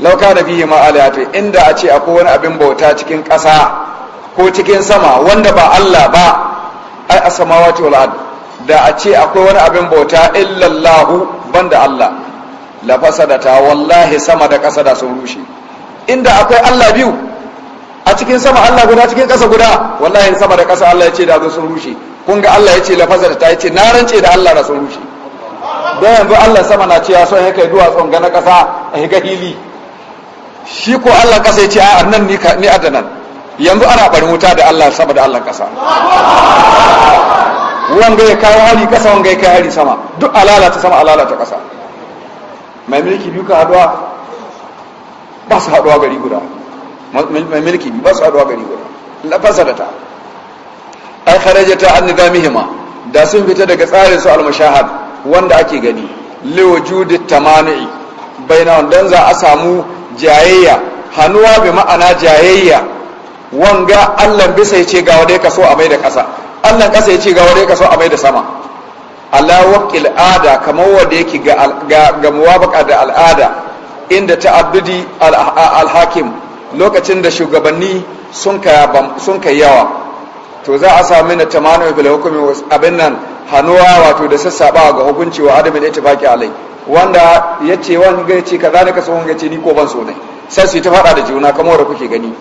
lauka da ma ma'alata inda a ce akwai wani abin bauta cikin ƙasa ko cikin sama wanda ba Allah ba ai a wal ardh da a ce akwai wani abin bauta illallahu banda Allah la fasadata wallahi sama da ƙasa da sun rushe inda akwai Allah biyu a cikin sama Allah guda cikin ƙasa guda wallahi sama da ƙasa Allah ya ce da sun rushe kun ga Allah ya ce la fasadata ya ce na rance da Allah da sun rushe don yanzu Allah sama na ya so ya kai duwatsun ga na ƙasa a higa hili shi ko Allah ƙasa ya ce a nan ni a da nan yanzu ana ɓarin wuta da Allah sama da Allah ƙasa wanga ya kawo hari kasa wanga ya kai hari sama duk alalata sama alalata kasa mai mulki biyu ka haduwa ba su haduwa gari guda mai mulki biyu ba su haduwa gari guda lafasa da ta ai ta an nizamihima da sun fita daga tsarin su al-mushahad wanda ake gani wujudi tamani baina dan za a samu jayayya hanuwa bi ma'ana jayayya wanga Allah bisa ya ce ga wanda ya kaso a mai da kasa allah kasa ya ce ga wani kaso a mai da sama allah wakil ada kamar wanda yake ga muwabaka da al'ada inda ta abdudi alhakim lokacin da shugabanni sun ka yawa to za a sami na tamanin bil hukumi abin nan hannuwa wato da ba ga hukunci wa adamin ya baki alai wanda ya ce wani gai ce ka zane ka ce ni ko ban so ne sai su ta faɗa da juna kamar da kuke gani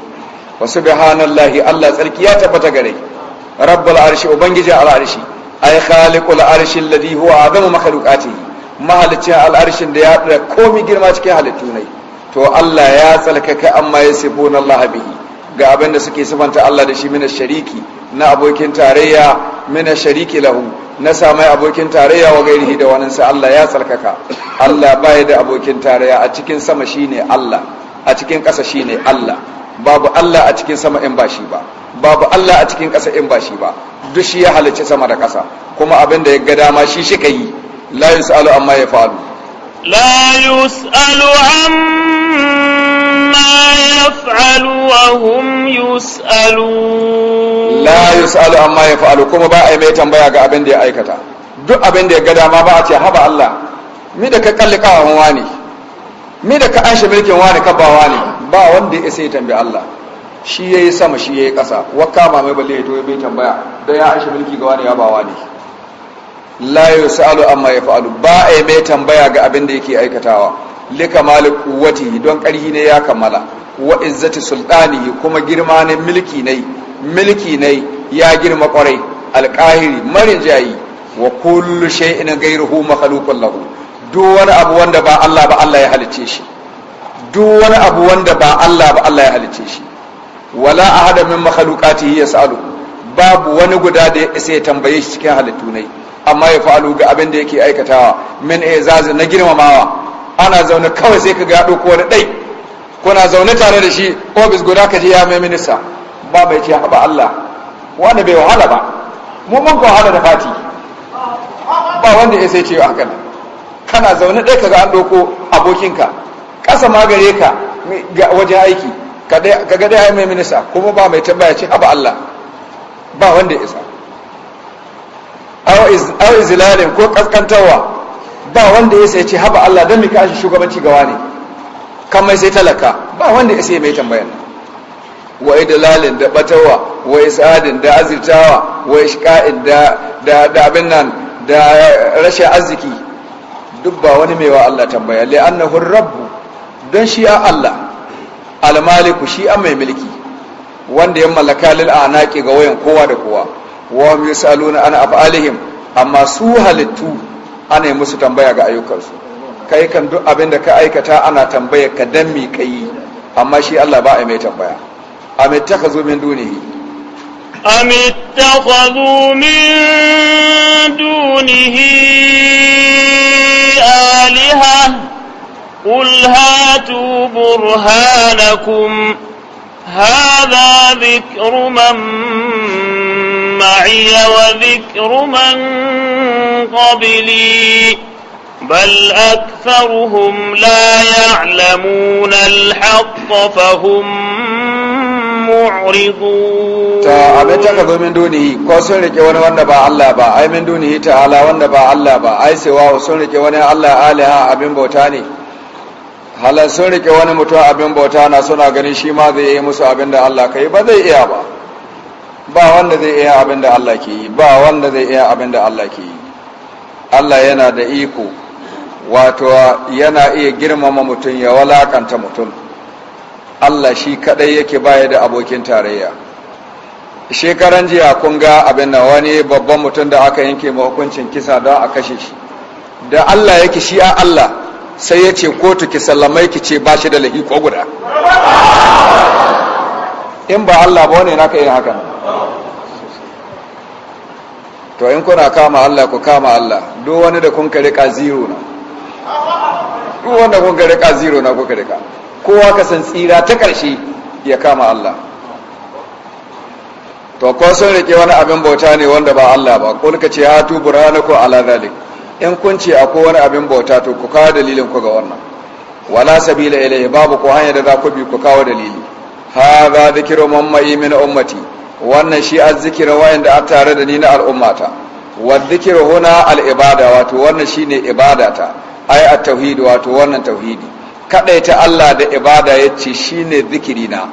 wasu subhanallahi allah tsarki ya tabbata gare rabbul arshi ubangiji al arshi ay khaliqul arshi alladhi huwa maka makhluqati mahalicci al arshin da ya da komi girma cikin halittu ne to Allah ya tsalkaka amma ya sifuna Allah bihi ga abin da suke sifanta Allah da shi mina shariki na abokin tarayya mina shariki lahu na samai abokin tarayya wa gairihi da sai, Allah ya tsalkaka Allah baya da abokin tarayya a cikin sama shine Allah a cikin ƙasa shine Allah babu Allah a cikin sama in ba shi ba babu Allah a cikin ƙasa in ba shi ba duk shi ya halicci sama da ƙasa kuma abin da ya ga dama shi shi ka yi la yus'alu amma ya fa'alu la yus'alu amma ya fa'alu wa hum yus'alu la yus'alu amma ya fa'alu kuma ba a yi mai tambaya ga abin da ya aikata duk abin da ya ga dama ba a ce haba Allah mi da ka kallika wa wani mi da ka an shi mulkin wani ka ba wani ba wanda ya sai tambayi Allah shi ya yi sama shi ya yi ƙasa wakka ma mai balle ya toye bai tambaya don ya aishi mulki ga wani ya bawa ne la ya sa'alu amma ya fa'alu ba a yi mai tambaya ga abin da yake aikatawa lika malik kuwati don ƙarhi ne ya kammala wa izzati sultani kuma girma ne milki ne milki ne ya girma kwarai alƙahiri marin jayi wa kullu shay'in ghayruhu makhluqun lahu duk wani abu wanda ba Allah ba Allah ya halice shi duk wani abu wanda ba Allah ba Allah ya halice shi wala ahada min makhluqatihi yasalu babu wani guda da ya isa ya tambaye shi cikin halittu ne amma ya fa'alu ga abin da yake aikatawa min izazi na girmamawa ana zaune kawai sai ka ga ko wani dai kuna zaune tare da shi ofis guda ka ji ya mai minista ba bai ce haɓa Allah wani bai wahala ba mu mun wahala da fati ba wanda ya sai ce haka. kana zaune ɗaya ka ga an doko abokinka ƙasa magare ka wajen aiki ka ga dai mai minista kuma ba mai tambaya ce haba Allah ba wanda ya isa aw izlalin ko kaskantarwa ba wanda ya sai ce haba Allah don mika shi shugabanci gawa ne kan mai sai talaka ba wanda ya sai mai tambaya wa idlalin da batawa wa isadin da azirtawa wa ishqa'in da da abin nan da rashin arziki duk ba wani mai wa Allah tambaya li annahu rabbu dan shi Allah almaliku shi an mai mulki wanda ya mallaka lil ke ga wayan kowa da kowa wa hum yusaluna an af'alihim amma su halittu ana musu tambaya ga ayyukansu kai kan duk abin da ka aikata ana tambaya ka dan mi kai amma shi Allah ba a mai tambaya am ittakhazu min dunihi am min dunihi alihah قل هاتوا برهانكم هذا ذكر من معي وذكر من قبلي بل أكثرهم لا يعلمون الحق فهم mu'ridun ta abin ta kazo min dunihi ko sun rike wani wanda ba Allah ba ai min ta ta'ala wanda ba Allah ba ai sai wa sun rike wani Allah alaha abin bauta ne halar sun rike wani mutum abin bauta na suna ganin shi ma zai yi musu abin da Allah ka yi ba zai iya ba ba wanda zai iya abin da Allah ke yi ba wanda zai iya abin da Allah ke yi Allah yana da iko wato yana iya girmama mutum ya walakanta mutum Allah shi kadai yake baya da abokin tarayya shekaran jiya kun ga abin da wani babban mutum da aka yanke mahukuncin kisa don a kashe shi da Allah yake shi a Allah sai ya ce kotu ki sallamai ki ce ba shi da lahi ko guda in ba Allah ba wani naka yin hakan to in kuna kama Allah ku kama Allah duk wani da kun rika zero na duk wanda kun rika zero na kuka rika kowa ka san tsira ta ƙarshe ya kama Allah to ko sun rike wani abin bauta ne wanda ba Allah ba ka ce hatu burhanakum ala zalik in kun ce akwai wani abin bauta to ku kawo dalilin ku ga wannan wala sabila ilayhi babu ko hanya da za ku bi ku kawo dalili Ha ga zikiru mamma'i min ummati wannan shi azzikira wayanda a tare da ni na al'ummata wa zikiru huna al-ibada wato wannan shine ta. ai at-tauhid wato wannan tauhidi kadaita Allah da ibada yace shine zikirina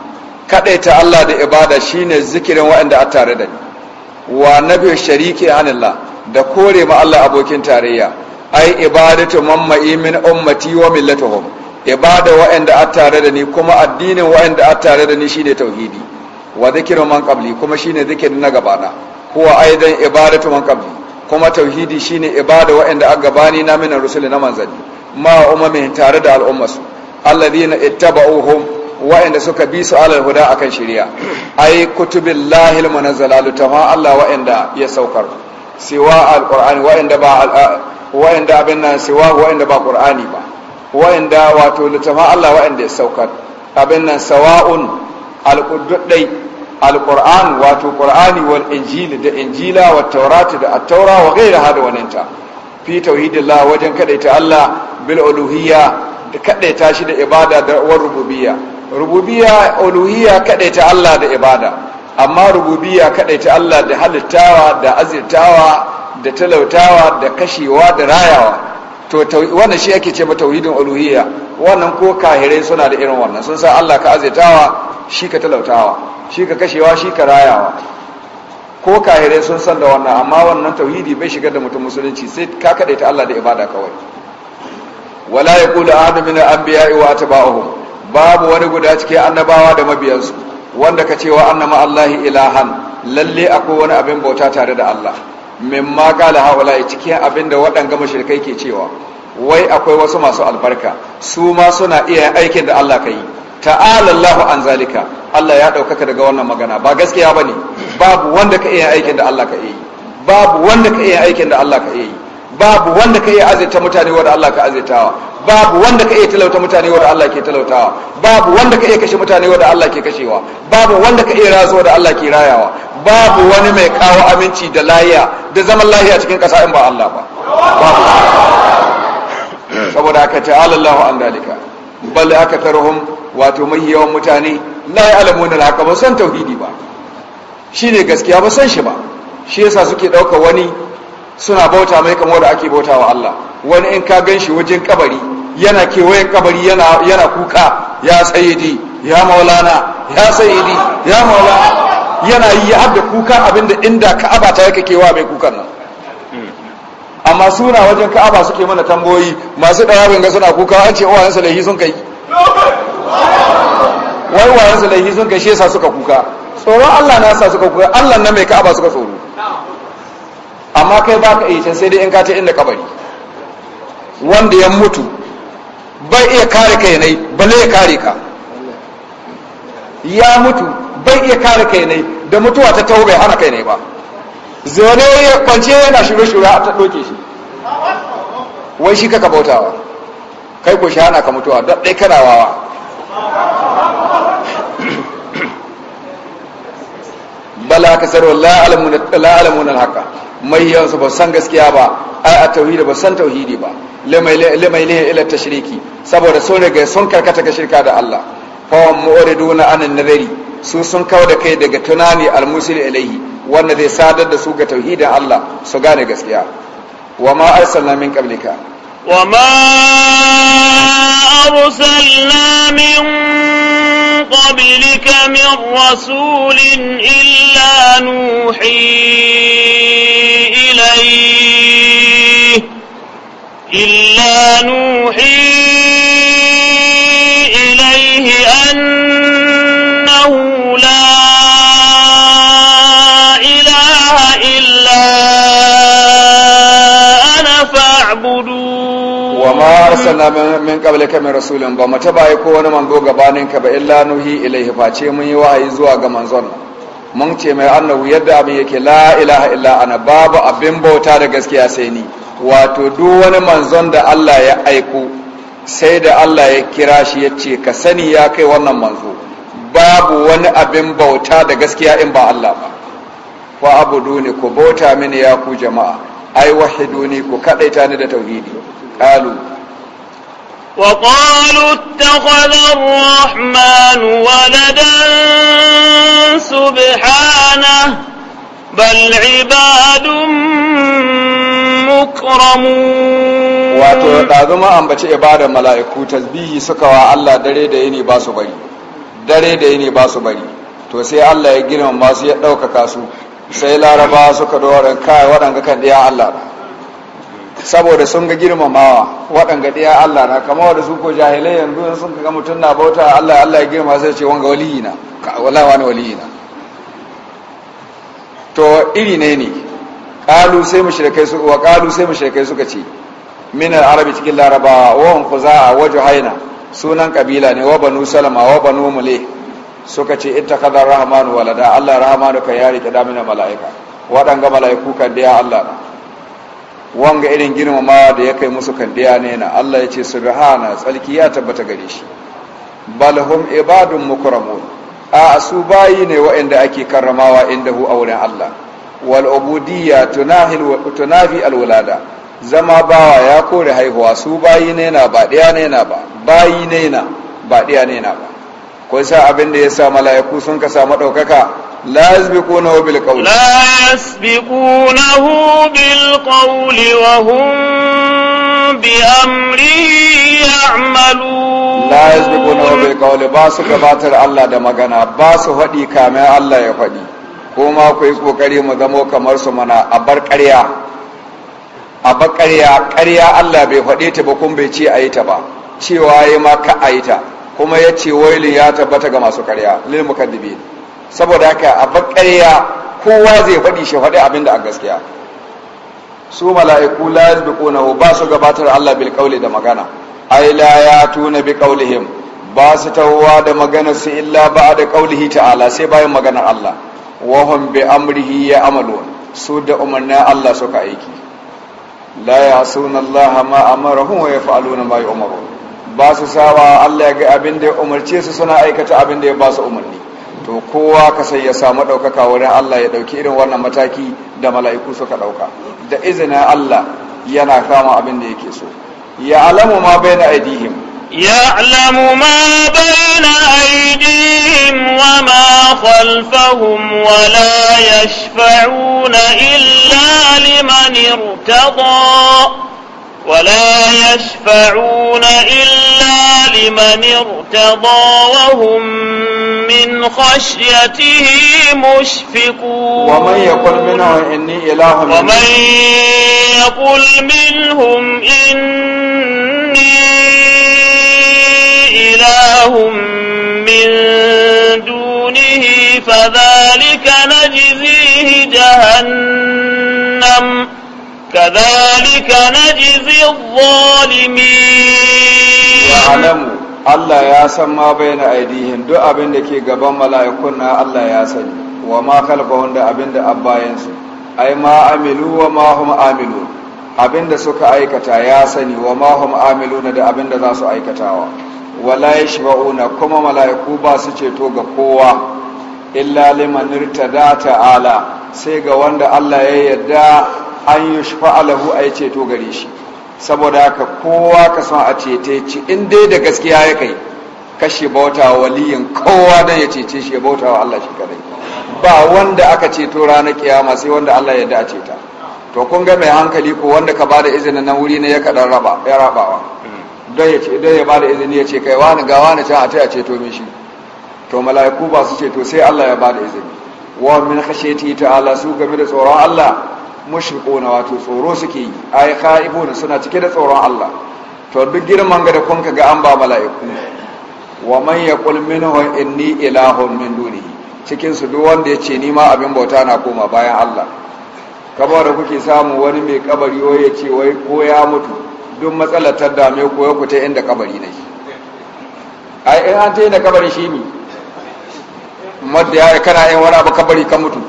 kadaita Allah da ibada shine zikirin wayanda a tare da ni wa nafi shariki anilla da kore ma Allah abokin tarayya ai ibadatu mamma min ummati wa millatuhum ibada wa'anda a tare da ni kuma addinin wa'anda a tare da ni shine tauhidi wa zikirin man qabli kuma shine zikirin na gabana huwa aidan ibadatu man qabli kuma tauhidi shine ibada wa'anda aka gabani na minan rusul na manzani, ma ummamin tare da al'ummasu alladhina ittaba'uhum wa'anda suka bi su alal huda akan shari'a ai lahil almunazzala lutafa Allah wa'anda ya saukar siwa alqur'ani wa'anda ba wa'anda abin nan siwa wa'anda ba qur'ani ba wa'anda wato lutafa Allah wa'anda ya saukar abin nan sawa'un alquddai alqur'an wato qur'ani wal injil da injila wa tawrat da at-taura wa ghayra hada waninta fi tauhidillah wajen kadaita Allah bil uluhiyya da kadaita shi da ibada da rububiyya rububiya uluhiyya ta Allah da ibada amma rububiya ta Allah da halittawa da azirtawa da talautawa da kashewa da rayawa to wannan shi ake ce tauhidin uluhiyya wannan ko kahirai suna da irin wannan sun san Allah ka azirtawa shi ka talautawa shi ka kashewa shi ka rayawa ko kahirai sun san da wannan amma wannan tauhidi bai shigar da mutum musulunci sai ka ta Allah da ibada kawai wala yaqulu ahadu min al-anbiya'i wa atba'uhum babu wani guda cikin annabawa da mabiyansu wanda ka cewa annama allahi ilahan lalle akwai wani abin bauta tare da allah mimma qala haula cikin abin da waɗanga mushrikai ke cewa wai akwai wasu masu albarka su ma suna iya aikin da allah ka yi ta'ala Allahu an zalika Allah ya ɗaukaka daga wannan magana ba gaskiya ba babu wanda ka iya aikin da Allah ka iya babu wanda ka iya aikin da Allah ka iya babu wanda ka iya azaita mutane wadda Allah ka azaitawa babu wanda ka iya talauta mutane wadda Allah ke talautawa babu wanda ka iya kashe mutane wadda Allah ke kashewa babu wanda ka iya razo wadda Allah ke rayawa babu wani mai kawo aminci da lahiya da zaman lahiya cikin kasa in ba Allah ba saboda aka ta'ala Allahu an dalika bal tarhum wato mai yawan mutane la ya'lamuna al-haqa ba san tauhidi ba shine gaskiya ba san shi ba shi yasa suke dauka wani suna bauta mai kamar da ake bauta wa Allah wani in ka gan shi wajen kabari yana kewayen kabari yana kuka ya sayidi ya maulana ya sayidi ya maulana yana yi ya abda kuka abinda inda ka'aba ta yake kewa mai kukan nan amma suna wajen ka'aba suke mana tamboyi masu ɗarabin ga suna kuka an ce wayan laihi sun kai wai wayan laihi sun kai shi yasa suka kuka tsoron Allah na sa suka kuka Allah na mai ka'aba suka tsoro amma kai ba ka iya sai dai in ka ta inda kabari wanda ya mutu bai iya kare kai yanayi bale ya kare ka ya mutu bai iya kare kai yanayi da mutuwa ta taho bai hana kai yanayi ba zaune ya kwance yana shirye-shirye a ta doke shi wai shi kaka bautawa kai ko shi hana ka mutuwa don ɗai kana wawa bala ka sarwa la'alamunan haka mai yawansu ba san gaskiya ba ai a tauhidi ba san tauhidi ba limai lihin ila shiriki saboda sun riga sun karkata ga shirka da Allah fawon duna anan nadari su sun kawo da kai daga tunani almusil ilaihi wanda zai sadar da su ga tauhidin Allah su gane gaskiya wa ma arsalna min qablika وما أرسلنا من قبلك من رسول إلا نوحي إليه إلا نوحي ma arsalna min qablika min rasulin ba mu taba yi ko wani manzo gabanin ka ba illa nuhi ilaihi face mun yi wahayi zuwa ga manzon mun ce mai annahu yadda abin yake la ilaha illa ana babu abin bauta da gaskiya sai ni wato duk wani manzon da Allah ya aiko sai da Allah ya kira shi ya ce ka sani ya kai wannan manzo babu wani abin bauta da gaskiya in ba Allah ba abudu abuduni ku bauta mini ya ku jama'a ai wahiduni ku kadaita ni da tauhidi قالوا وقالوا اتخذ الرحمن ولدا سبحانه بل عباد mukramun wato ɗazu ma ambaci ibadar mala'iku tasbihi suka wa Allah dare da yini ba su bari dare da yini ba su bari to sai Allah ya gina masu ya ɗaukaka su sai laraba suka doron kai waɗanda kan Allah saboda sun ga girmamawa waɗanga ɗaya Allah na kama wadda su ko jahilai yanzu sun ga mutum na bauta Allah Allah ya girma sai ce wanga waliyi na wala wani waliyina. na to iri ne ne ƙalu sai mushrikai su wa ƙalu sai mushrikai suka ce min arabi cikin larabawa wa hum khuza'a wa juhaina sunan kabila ne wa banu salama wa banu mule suka ce ittakhadha rahmanu walada Allah rahmanu ka yari ta damina mala'ika waɗanga mala'iku kan da Allah na wanga irin girmama da ya kai musu kanɗiya ne na Allah ya ce subhana tsarki, ya tabbata gare shi balhum ibadun mukramun a su bayi ne waɗanda ake karramawa hu a wurin Allah wal ubudiyya tunafi alwulada zama bawa ya kore haihuwa su bayi ne na ba diya ne na ba bayi ne na ba diya ne na ba ko sa abin da ya sa mala'iku sun ka samu ɗaukaka لا يسبقونه بالقول لا يسبقونه بالقول وهم بأمره يعملون gabatar Allah da magana ba su faɗi kamar Allah ya faɗi kuma ku yi ƙoƙari mu zamo kamar su mana a bar ƙarya Allah bai faɗe ta ba kun bai ce a yi ta ba cewa ya ma ka a yi ta kuma ya ce wailin ya tabbata ga masu karya. lil saboda haka a bakarya kowa zai faɗi shi faɗi abinda a gaskiya su mala'iku la yasbiquna ba su gabatar Allah bil qawli da magana ay la yatuna bi qawlihim ba su tawwa da magana su illa ba da qawlihi ta'ala sai bayan magana Allah wa hum bi amrihi ya amalu su da umarnin Allah suka aiki la yasuna Allah ma amarahum wa yaf'aluna ma yu'maru ba su sawa Allah ya ga abin da ya umarce su suna aikata abin da ya ba su umarni to kowa ka sai ya samu ɗaukaka wurin Allah ya ɗauki irin wannan mataki da mala'iku suka ɗauka da izinin Allah yana kama abin da yake so ya alamu ma bai na aidihim ya alamu ma bai na aidihim wa ma khalfahum wa la yashfa'una illa liman irtada ولا يشفعون إلا لمن ارتضى وهم من خشيته مشفقون ومن يقل منهم إني إله من ومن يقول منهم إني إله من دونه فذلك نجزيه جهنم كذلك نجزي الظالمين Allah ya san ma bai na aidihin duk abin da ke gaban mala’ikun na Allah ya sani wa ma kalfa wanda abin da abbayensu, ai ma amilu wa ma hum amilu abin da suka aikata ya sani wa ma hum amilu na da abin da za su aikatawa. Wa laishi ba’una kuma mala’iku ba su ceto ga kowa, illa liman nirta da ta’ala sai ga wanda Allah ya yadda an yi shafa'a lahu a yi ceto gare shi saboda haka kowa ka son a cete ci in dai da gaskiya ya kai kashe bauta wa waliyin kowa don ya cece shi ya bauta wa Allah shi kadai ba wanda aka ceto ranar kiyama sai wanda Allah ya dace ta to kun ga mai hankali ko wanda ka bada izinin na wuri ne ya kadan raba ya rabawa don ya ce don ya bada izini ya ce kai wani ga wani can a taya ceto min shi to mala'iku ba su ceto sai Allah ya bada izini wa min khashiyati ta'ala su game da tsoron Allah mushrikuna wato tsoro suke yi ay khaifuna suna cike da tsoron Allah to duk girman ga da kun ga an ba mala'iku wa man yaqul minhu inni ilahun min duni cikin duk wanda ya ce ni abin bauta na koma bayan Allah kamar da kuke samu wani mai kabari wai ya ce wai ko ya mutu duk matsalar ta dame ko ya kuta inda kabari ne ai in an ta inda kabari shi ne madda ya kana yin wani abu kabari ka mutu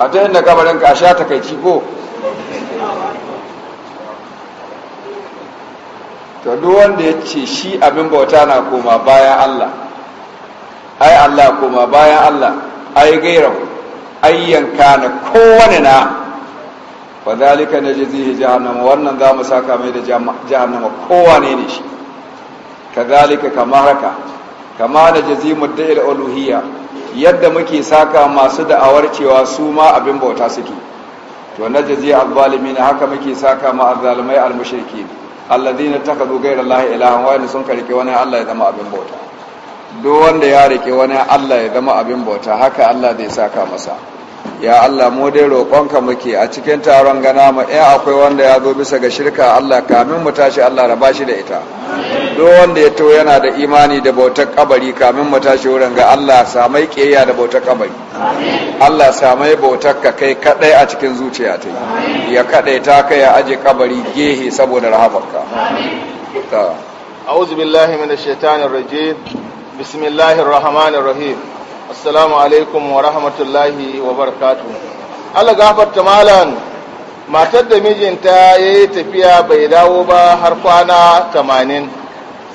a ta yadda kamarin ka sha takaici ko ta duwan da ya ce shi abin bauta na koma bayan Allah ai Allah koma bayan Allah ai gairahu ayyanka na kowane na wa zalika najzihi jahannama wannan zamu saka mai da jahannama kowane ne shi ka zalika kamar haka kama da jazimud da'il uluhiyya yadda muke saka masu da'awar cewa su ma abin bauta suke to na jazi na haka muke saka ma azzalimai almushrikin alladhina takadu ghayra allahi ilahan wa sun karike wani Allah ya zama abin bauta duk wanda ya rike wani Allah ya zama abin bauta haka Allah zai saka masa ya Allah mu dai roƙonka muke a cikin taron gana mu eh akwai wanda ya zo bisa ga shirka Allah kamin mu tashi Allah raba shi da ita duk wanda ya to yana da imani da bautar kabari kamin mu tashi wurin ga Allah samai kiyaya da bautar kabari Allah samai bautar ka kai kadai a cikin zuciya ta ya kadai ta kai ya aje kabari gehe saboda rahabarka ta a'udhu billahi minash shaitanir rajim bismillahir rahmanir rahim assalamu alaikum wa rahmatullahi wa barakatuh Allah gafarta malan matar da mijinta ya yi tafiya bai dawo ba har kwana tamanin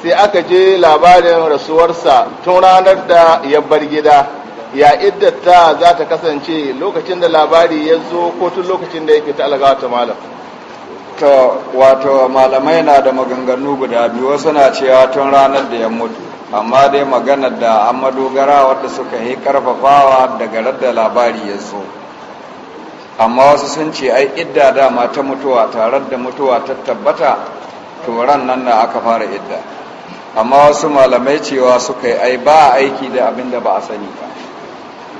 sai aka je labarin rasuwarsa tun ranar da ya bar gida ya iddata za ta kasance lokacin da labari ya zo ko tun lokacin da ya fita algawa ta malam ta wato malamai na da maganganu guda biyu wasu na cewa tun ranar da ya mutu amma dai maganar da an madogara wadda suka yi karfafawa daga radda labari ya zo amma wasu sun ce ai idda dama ta mutuwa tare da mutuwa ta tabbata turan nan da aka fara idda amma wasu malamai cewa suka yi ai ba aiki da abin da ba a sani ba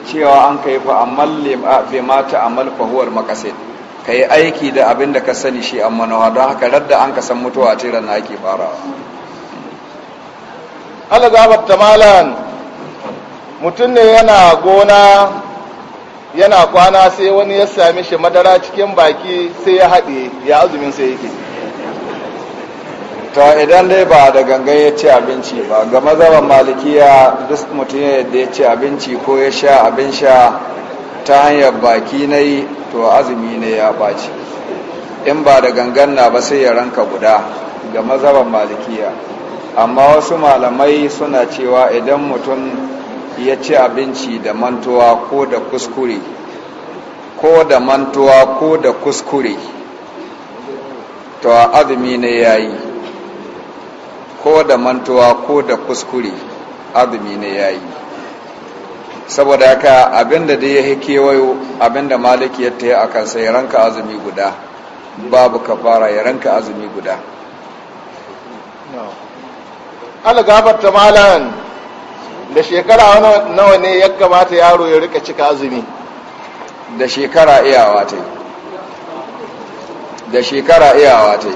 cewa an ka yi fa'amal bai mata amal fahuwar makasin ka yi aiki da abin da ka sani shi amma manowa don haka radda an ka san mutuwa ce ran ake farawa Allah tamalan mutum ne yana gona yana kwana sai wani ya sami shi madara cikin baki sai ya haɗe ya azumin sai yake to idan dai ba da gangan ya ci abinci ba ga mazaban malikiya duk mutum yadda ya ci abinci ko ya sha abin sha ta hanyar baki na yi to azumi ne ya ɓaci in ba da gangan na ba sai ya ranka guda ga mazaban malikiya amma wasu malamai suna cewa idan mutum ya ci abinci da mantuwa ko da kuskure ko da mantuwa ko da kuskure to azumi ne ya yi ko da mantuwa ko da kuskure azumi ne ya yi saboda haka abinda da ya kewayo abinda maliki ya taya a kansa ya ranka azumi guda babu kafara ya ranka azumi guda algabar ta malan da shekara nawa ne ya kamata yaro ya rika cika azumi da shekara iyawa ta da shekara iyawa ta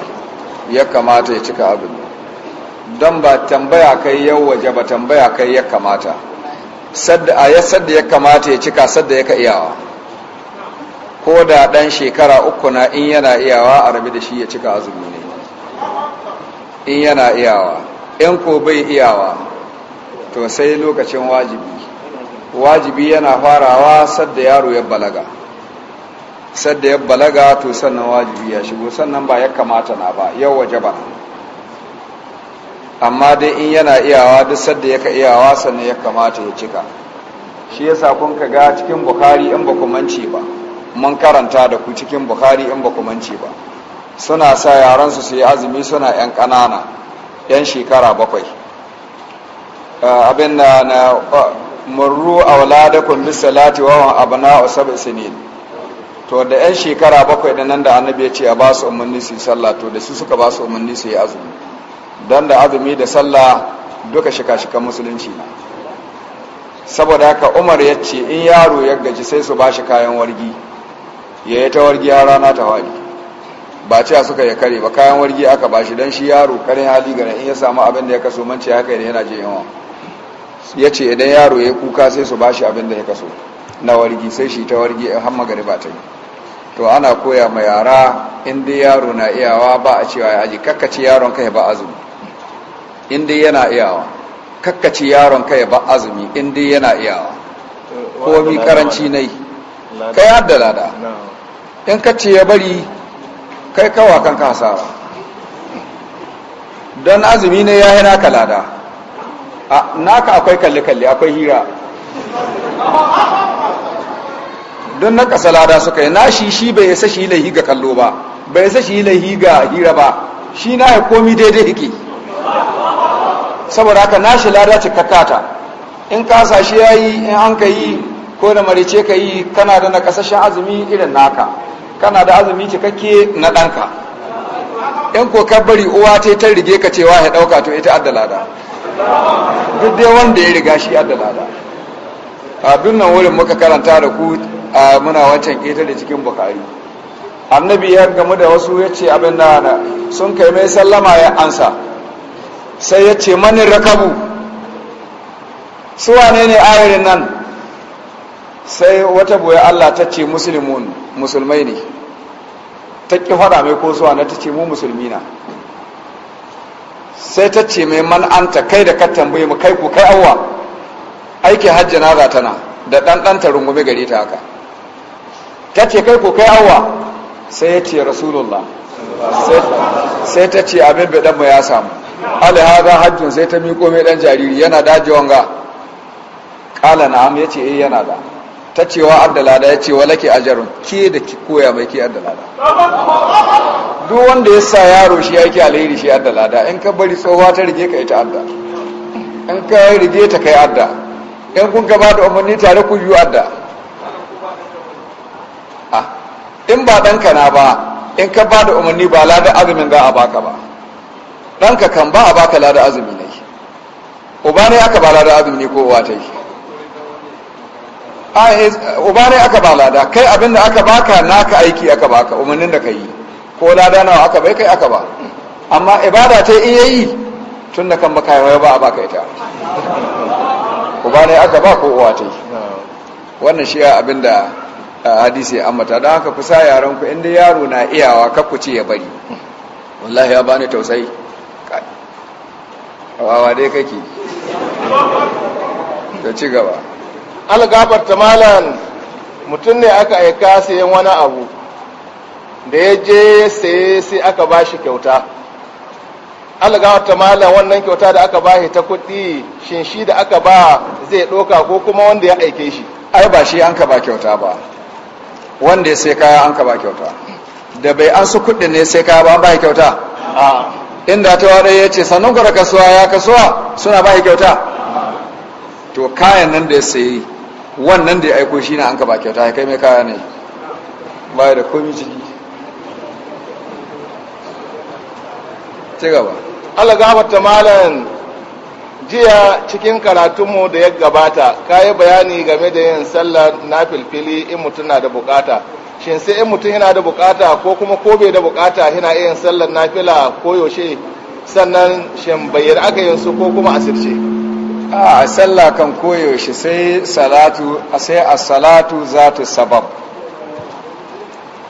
ya kamata ya cika azumi don ba tambaya kai yau waje ba tambaya kai ya kamata sadda a sadda ya kamata ya cika sadda ya ka iyawa ko da ɗan shekara uku na in yana iyawa a rabi da shi ya cika azumi ne in yana iyawa in ko bai iyawa to sai lokacin wajibi wajibi yana farawa sadda yaro ya balaga sadda ya balaga to sannan wajibi ya shigo sannan ba ya kamata na ba yau waje ba amma dai in yana iyawa duk sadda yaka iyawa sannan ya kamata ya cika shi yasa kun ka ga cikin bukhari in ba manci ba mun karanta da ku cikin bukhari in ba manci ba suna sa yaran su su yi azumi suna yan ƙanana yan shekara bakwai abin da na murru auladakum bis salati wa abna'u sab'i sinin to da yan shekara bakwai da nan da annabi ya ce a ba su umarni su yi sallah to da su suka ba su umarni su yi azumi don da azumi da sallah duka shika-shikan musulunci na saboda haka umar ya ce in yaro ya gaji sai su ba shi kayan wargi ya yi ta wargi a rana ta ba ce suka ya kare ba kayan wargi aka ba shi don shi yaro karin hali gane in ya samu abin da ya kaso manci haka idan yana je yawan ya ce idan yaro ya kuka sai su ba shi abin da ya kaso na wargi sai shi ta wargi har ba ta yi to ana koya ma yara in dai yaro na iyawa ba a cewa ya aji kakkaci yaron kai ba azumi in dai yana iyawa kakkaci yaron kai ba azumi in dai yana iyawa ko mi karanci nai kai hadda lada in ce ya bari kai kawa kan kasawa don azumi ne ya yi naka lada naka akwai kalli-kalli akwai hira don na ƙasa lada suka yi nashi shi bai yasa shi laihi ga kallo ba bai yasa shi laihi ga hira ba shi na ya komi daidai yake saboda haka nashi lada cikkakata in kasa shi ya yi in an ka yi ko da marice ka yi kana da nakasashen azumi irin naka kana da azumi cikakke na ɗanka in ko ka bari uwa ta ta rige ka cewa ya ɗauka to ita adda lada duk dai wanda ya riga shi adda lada a dunnan wurin muka karanta da ku muna wancan ita da cikin bukari annabi ya gamu da wasu ya ce abin da sun kai mai sallama ya ansa sai ya ce manin rakabu suwa ne ne ayarin nan sai wata boye allah ta ce musulmin musulmai ne ta ƙi faɗa mai ko suwa na ta ce mu musulmi na sai ta ce mai man'anta kai da ka bai mu kai ku kai awwa Aiki hajji na za tana da ɗanɗanta rungume gare ta haka ta ce kai ko kai awwa sai ya ce rasulullah sai ta ce abin bidan mu ya samu alhaza hajjun sai ta miƙo mai dan jariri yana daji wanga kala na'am ce eh yana da ta ce wa adalada ya ce wa lake ajarun ke da koya mai ke adalada duk wanda ya sa yaro shi yake alheri shi adalada in ka bari tsohuwa ta rige ka ita adda in ka rige ta kai adda in kun gaba da umarni tare ku yi adda in ba ɗanka na ba in ka ba da umarni ba lada azumin za a baka ba ɗanka kan ba a baka lada azumi ne uba ne aka ba lada azumi ne ko uwa ta yi ah, eh, uba ne aka ba lada kai abin da aka baka naka aiki aka baka umarnin da ka yi ko lada nawa aka bai kai aka ba amma ibada ta in yayi tun da kan baka yawa ba a baka ita uba ne aka ba ko uwa ta yi wannan shi abin da hadisi ya ambata don haka kusa yaran ku inda yaro na iyawa kakku ce ya bari wallahi ya bani tausayi kawawa dai kake ta ci gaba algabar malan mutum ne aka aika sayan wani abu da ya je saye sai aka ba shi kyauta algabar malan wannan kyauta da aka ba shi ta kuɗi shin shi da aka ba zai ɗoka ko kuma wanda ya aike shi ai ba shi an ka ba kyauta ba wanda ya sai kaya an ka ba kyauta da bai an su kuɗin ne sai kaya ba an ba kyauta ah. inda ta wada ya ce sannan gwada kasuwa ya kasuwa suna ba kyauta to kayan nan da ya sayi wannan da ya aiko shi na an ka ba kyauta ya kai mai kaya ne ba da komi ciki ci gaba Allah gafarta malam jiya cikin karatunmu da ya gabata ka yi bayani game da yin sallar na filfili in mutum na da bukata shin sai in mutum yana da bukata ko kuma ko bai da bukata yana iya yin sallar fila ko yaushe sannan shin bayyana aka yin su ko kuma asirce a sallah kan koyaushe sai salatu sai as-salatu zatu sabab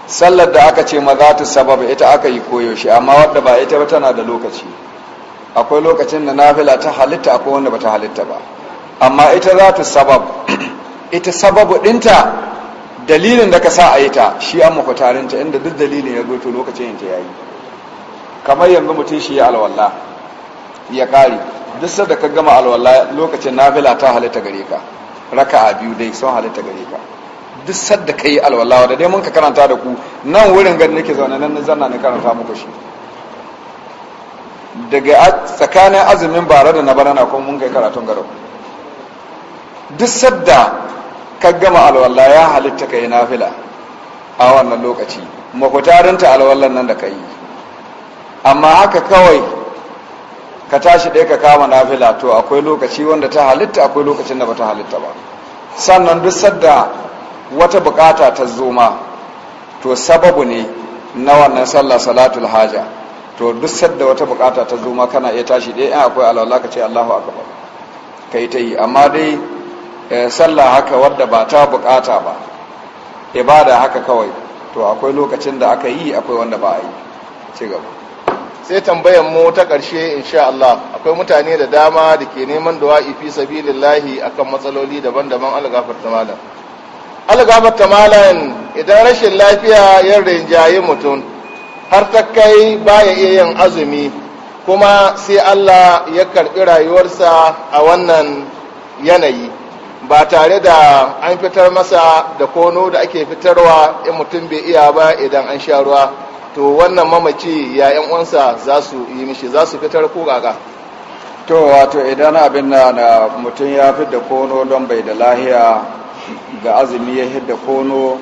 sallar da aka ce ma zatu sabab ita aka yi koyaushe amma wadda ba ita ba tana da lokaci akwai lokacin da nafila ta halitta akwai wanda bata halitta ba amma ita za ta sabab ita sababu dinta dalilin da ka sa a yi ta shi an mafutarinta inda duk dalilin ya to lokacin yanta ya yi kamar yanzu mutum shi ya alwallah ya kari duk sadda ka gama alwallah lokacin nafila ta halitta gare ka raka a biyu dai sun halitta gare ka duk sadda ka yi alwallah wadda dai mun ka karanta da ku nan wurin gani nake zaune nan na zanna na karanta muku shi daga tsakanin azumin bara da na bana na kuma mun kai karatun garo duk sadda ka gama alwala ya halitta ka yi nafila a wannan lokaci makwatarinta alwallan nan da ka yi amma haka kawai ka tashi ɗaya ka kama nafila to akwai lokaci wanda ta halitta akwai lokacin da ba ta halitta ba sannan duk sadda wata bukata ta zoma, to sababu ne na wannan sallah salatul haja to duk sadda wata bukata ta zo ma kana iya tashi dai in akwai alawala ka ce Allahu akbar kai ta yi amma dai eh, sallah haka wadda ba ta bukata ba ibada haka kawai to akwai lokacin da aka yi akwai wanda ba a yi ci gaba sai tambayar mu ta karshe insha Allah akwai mutane da dama da ke neman du'a'i fi sabilillahi akan matsaloli daban-daban algafar malam algafar malam idan rashin lafiya ya rinjaye mutum har ta kai baya iya yin azumi kuma sai Allah ya karɓi rayuwarsa a wannan yanayi ba tare da an fitar masa da kono da ake fitarwa in mutum bai iya ba idan an sha ruwa to wannan mamaci ya yan uwansa za su yi mishi za su fitar ko gaga to wato idan abin na mutum ya fi da kono don bai da lahiya ga azumi ya hidda kono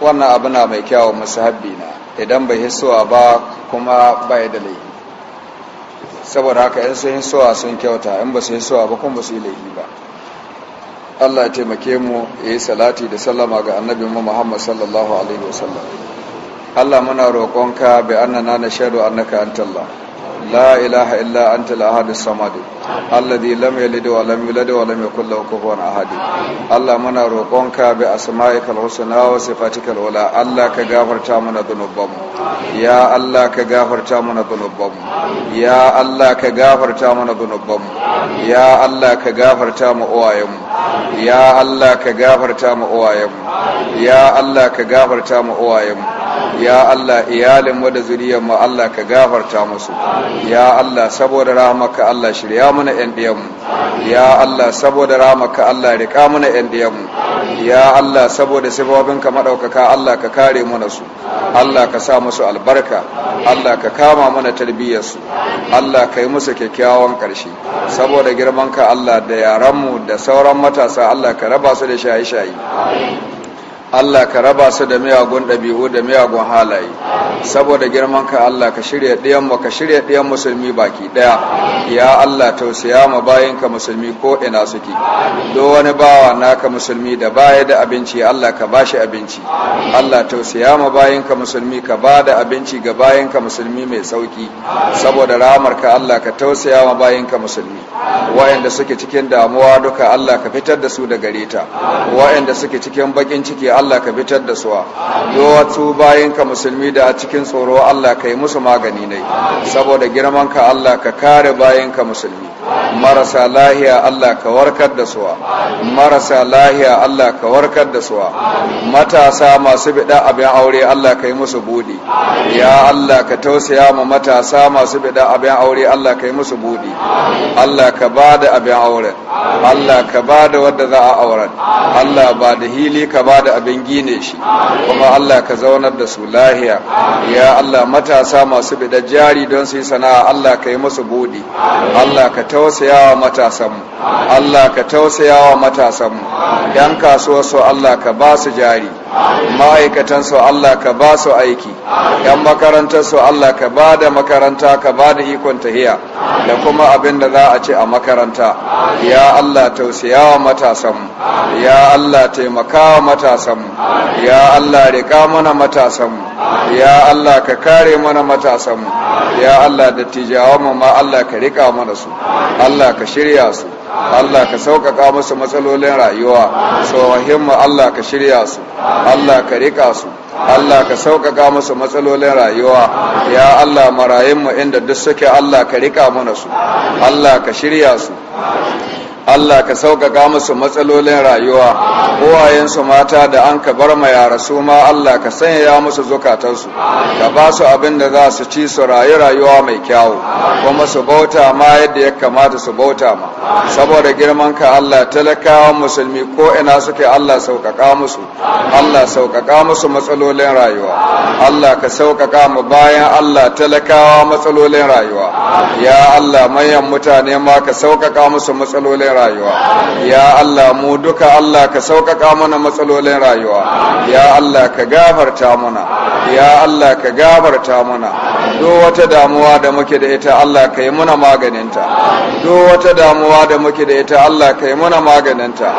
wannan abin na mai kyawun musahabbi na idan bai hisuwa ba kuma bai da laifi saboda haka yan sun hisuwa sun kyauta in ba su hisuwa ba kuma ba su yi laifi ba Allah ya taimake mu ya yi salati da sallama ga mu Muhammad sallallahu alaihi wasallam Allah muna roƙonka bi annana nashhadu annaka antallah la ilaha illa an al-ahadus samadu. alladhi lam yalid wa lam yulad wa lam yakul lahu kufuwan ahad Allah muna roƙonka bi asma'ikal husna wa sifatikal ula Allah ka gafarta mana dhunubanmu ya Allah ka gafarta mana dhunubanmu ya Allah ka gafarta mana dhunubanmu ya Allah ka gafarta mu uwayenmu ya Allah ka gafarta mu uwayenmu ya Allah ka gafarta mu uwayenmu ya Allah iyalin mu da zuriyar mu Allah ka gafarta musu ya Allah saboda rahmaka Allah shirya mana yan diyanmu ya Allah saboda ramaka Allah riƙa mana yan diyanmu ya Allah saboda ka maɗaukaka Allah ka kare mana su Allah ka sa musu albarka Allah ka kama mana tarbiyyarsu Allah ka yi musu kyakkyawan ƙarshe. saboda girmanka Allah da yaranmu da sauran matasa Allah ka raba su da shaye-shaye Allah ka raba su da miyagun ɗabi'u da miyagun halaye saboda girman ka Allah ka shirya ɗiyan mu ka shirya ɗiyan musulmi baki ɗaya ya Allah tausaya ma bayin ka musulmi ko ina suke do wani bawa naka musulmi da baya da abinci Allah ka bashi abinci Allah tausaya ma bayin ka musulmi ka ba da abinci ga bayin ka musulmi mai sauki saboda ramar ka Allah ka tausaya ma bayin ka musulmi wa'anda suke cikin damuwa duka Allah ka fitar da su da gareta wa'anda suke cikin bakin ciki Allah Allah ka fitar da suwa wasu bayan ka musulmi da a cikin tsoro Allah ka yi musu magani ne saboda girman ka Allah ka kare bayan ka musulmi marasa lahiya Allah ka warkar da suwa marasa lahiya Allah ka warkar da suwa matasa masu bida abin aure Allah ka yi musu budi ya Allah ka tausaya ma matasa masu bida abin aure Allah ka yi musu budi Allah ka ba da abin auren Allah ka ba da wadda za a auren Allah ba da hili ka ba da abin abin gine shi kuma Allah ka zaunar da su lahiya ya Allah matasa masu bida jari don su yi sana'a Allah ka yi musu buɗi Allah ka tausaya wa matasanmu Allah ka tausaya wa matasanmu yan kasuwa su Allah ka ba su jari ma'aikatan su Allah ka ba su aiki yan makarantar su Allah ka ba da makaranta ka ba da ikon tahiya da kuma abin da za a ce a makaranta ya Allah tausaya wa matasanmu ya Allah taimaka wa matasanmu mu ya Allah rika mana matasanmu ya Allah ka kare mana matasanmu ya Allah da tijawa ma Allah ka rika mana su Allah ka shirya su Allah ka sauƙaƙa musu matsalolin rayuwa tsohon Allah ka shirya su Allah ka rika su Allah ka sauƙaƙa musu matsalolin rayuwa ya Allah marayunmu inda duk suke Allah ka rika mana su Allah ka shirya su Allah ka sauƙaƙa musu matsalolin rayuwa uwayensu mata da an ka bar ma yara su ma Allah ka sanya musu zukatansu ka ba su abin da za su ci su rayu rayuwa mai kyawu kuma su bauta ma yadda ya kamata su bauta ma saboda girman ka Allah talakawa musulmi ko ina suke Allah sauƙaƙa musu Allah sauƙaƙa musu matsalolin rayuwa Allah ka sauƙaƙa mu bayan Allah talakawa matsalolin rayuwa ya Allah manyan mutane ma ka sauƙaƙa musu matsalolin rayuwa ya Allah mu duka Allah ka sauƙaƙa mana matsalolin rayuwa ya Allah ka gafarta mana ya Allah ka gafarta mana duk wata damuwa da muke da ita Allah ka yi muna maganinta duk wata damuwa da muke da ita Allah ka yi muna maganinta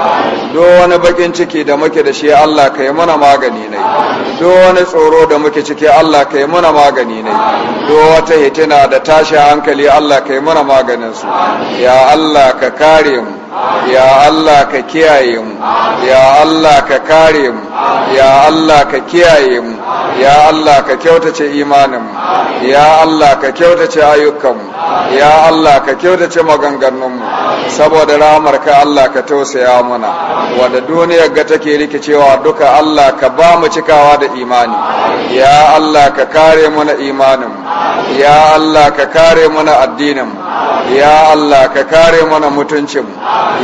duk wani bakin ciki da muke da shi Allah ka yi muna magani ne duk wani tsoro da muke ciki Allah ka yi muna magani ne duk wata hitina da tashi hankali Allah ka yi muna maganin su ya Allah ka kare mu ya Allah ka kiyaye mu ya Allah ka kare mu ya Allah ka kiyaye mu ya Allah ka kyautace imaninmu ya Allah ka kyautace ayyukanmu ya Allah ka kyautace maganganunmu saboda ramarka Allah ka tausaya mana wanda duniyar ga take rikicewa duka Allah ka ba mu cikawa da imani ya Allah ka kare mana imaninmu ya Allah ka kare mana addininmu ya Allah ka kare mana mutuncinmu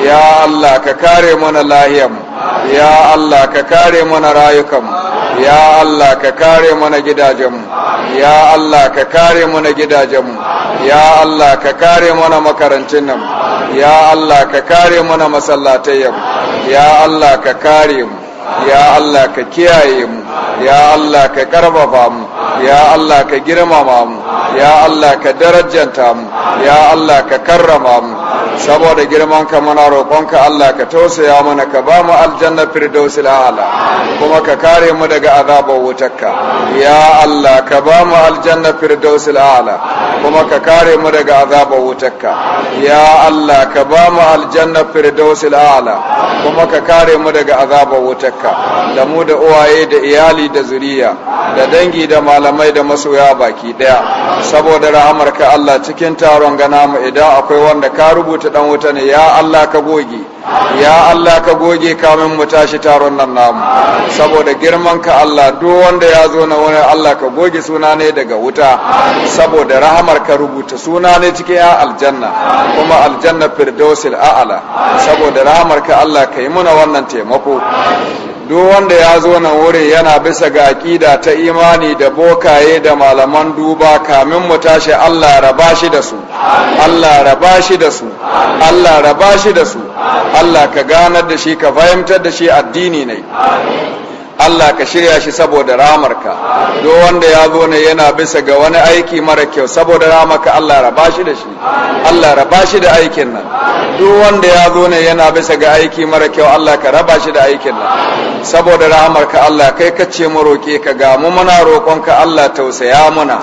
ya Allah ka kare mana lahiyarmu ya Allah ka kare mana rayukanmu ya Allah ka kare mana gidajenmu ya Allah ka kare mana gidajenmu ya Allah ka kare mana makarantun nan ya Allah ka kare mana masallatayyanmu ya Allah ka kare mu ya Allah ka kiyaye mu ya Allah ka karfafa mu ya Allah ka girmama mu ya Allah ka darajanta mu ya Allah ka karrama mu saboda girman ka muna ka Allah ka tausaya mana ka ba mu aljanna firdausi a'la kuma ka kare mu daga azabar wutarka ya Allah ka ba mu aljanna firdausi a'la kuma ka kare mu daga azabar wutarka ya Allah ka ba mu aljanna firdausi a'la kuma ka kare mu daga azabar wutarka da mu da uwaye da iya iyali da zuriya da dangi da malamai da masoya baki daya saboda rahamarka Allah cikin taron gana mu idan akwai wanda ka rubuta dan wuta ne ya Allah ka goge ya Allah ka goge kamin mu tashi taron nan namu saboda girman ka Allah duk wanda ya zo na wani Allah ka goge suna ne daga wuta saboda rahamar ka rubuta suna ne cikin ya aljanna kuma aljanna firdausil ala saboda rahamar ka Allah ka yi muna wannan taimako duk wanda ya zo nan wurin yana bisa ga aƙida ta imani da bokaye da malaman duba kamin mu tashi Allah raba shi da su Allah raba shi da su Allah raba shi da su Allah ka ganar da shi ka fahimtar da shi addini ne Allah ka shirya shi saboda ramarka duk wanda ya zo ne yana bisa ga wani aiki mara kyau saboda ramarka Allah raba shi da shi Allah raba shi da aikin nan duk wanda ya zo ne yana bisa ga aiki mara kyau Allah ka raba shi da aikin nan saboda ramarka Allah kai ka ce mu roke ka ga mu muna roƙonka Allah tausaya muna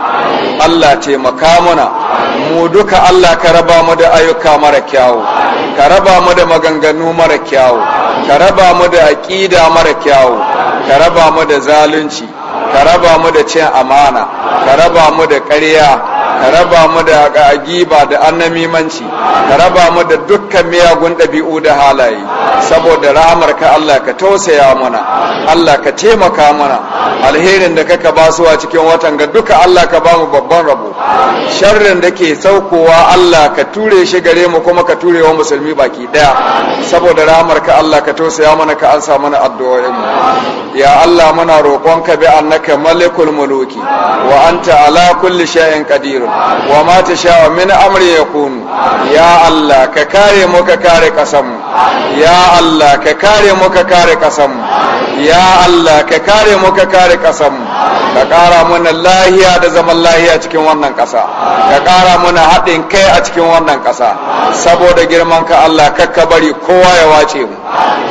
Allah taimaka muna mu duka Allah ka raba mu da ayyuka mara kyawu ka raba mu da maganganu mara kyawu ka raba mu da aƙida mara kyawu ka raba mu da zalunci ka raba mu da cin amana ka raba mu da ƙarya ka raba mu da agiba da annamimanci ka raba mu da dukkan miyagun ɗabi'u da halaye saboda rahamar ka Allah ka tausaya mana Allah ka taimaka mana alherin da kaka ba su a cikin watan ga duka Allah ka ba mu babban rabo sharrin da ke saukowa Allah ka ture shi gare mu kuma ka ture wa musulmi baki daya saboda rahamar ka Allah ka tausaya mana ka ansa mana addu'o'in mu ya Allah muna roƙonka bi annaka malikul muluki wa anta ala kulli shay'in qadir wa ma wa min amri kunu ya Allah ka kare mu ka kare kasanmu ya Allah ka kare mu ka kare kasanmu ya Allah ka kare mu ka kare kasanmu ka kara mana lahiya da zaman lahiya cikin wannan kasa ka kara mana haɗin kai a cikin wannan kasa saboda girman ka Allah ka bari kowa ya wace mu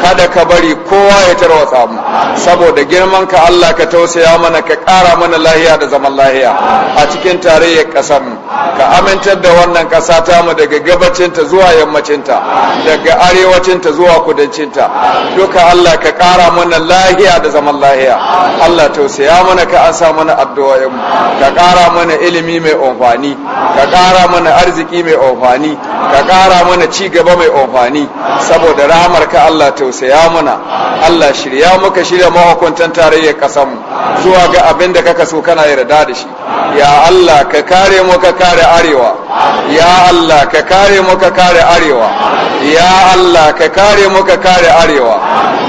kada ka bari kowa ya tarwatsa mu saboda girman ka Allah ka tausaya mana ka kara mana lahiya da zaman lahiya a cikin tarayyar kasa ƙasarmu ka amintar da wannan kasa tamu daga gabacinta zuwa yammacinta daga arewacinta zuwa kudancinta duka Allah ka kara mana lahiya da zaman lahiya Allah tausaya mana ka an sa mana addu'o'inmu ka ƙara mana ilimi mai amfani ka kara mana arziki mai amfani ka kara mana ci gaba mai amfani saboda rahmar ka Allah tausaya mana Allah shirya muka shirya mahukuntan tarayyar kasarmu zuwa ga abin da kaka so kana yarda da shi ya Allah ka kare mu ka kare arewa ya Allah ka kare mu ka kare arewa ya Allah ka kare mu ka kare arewa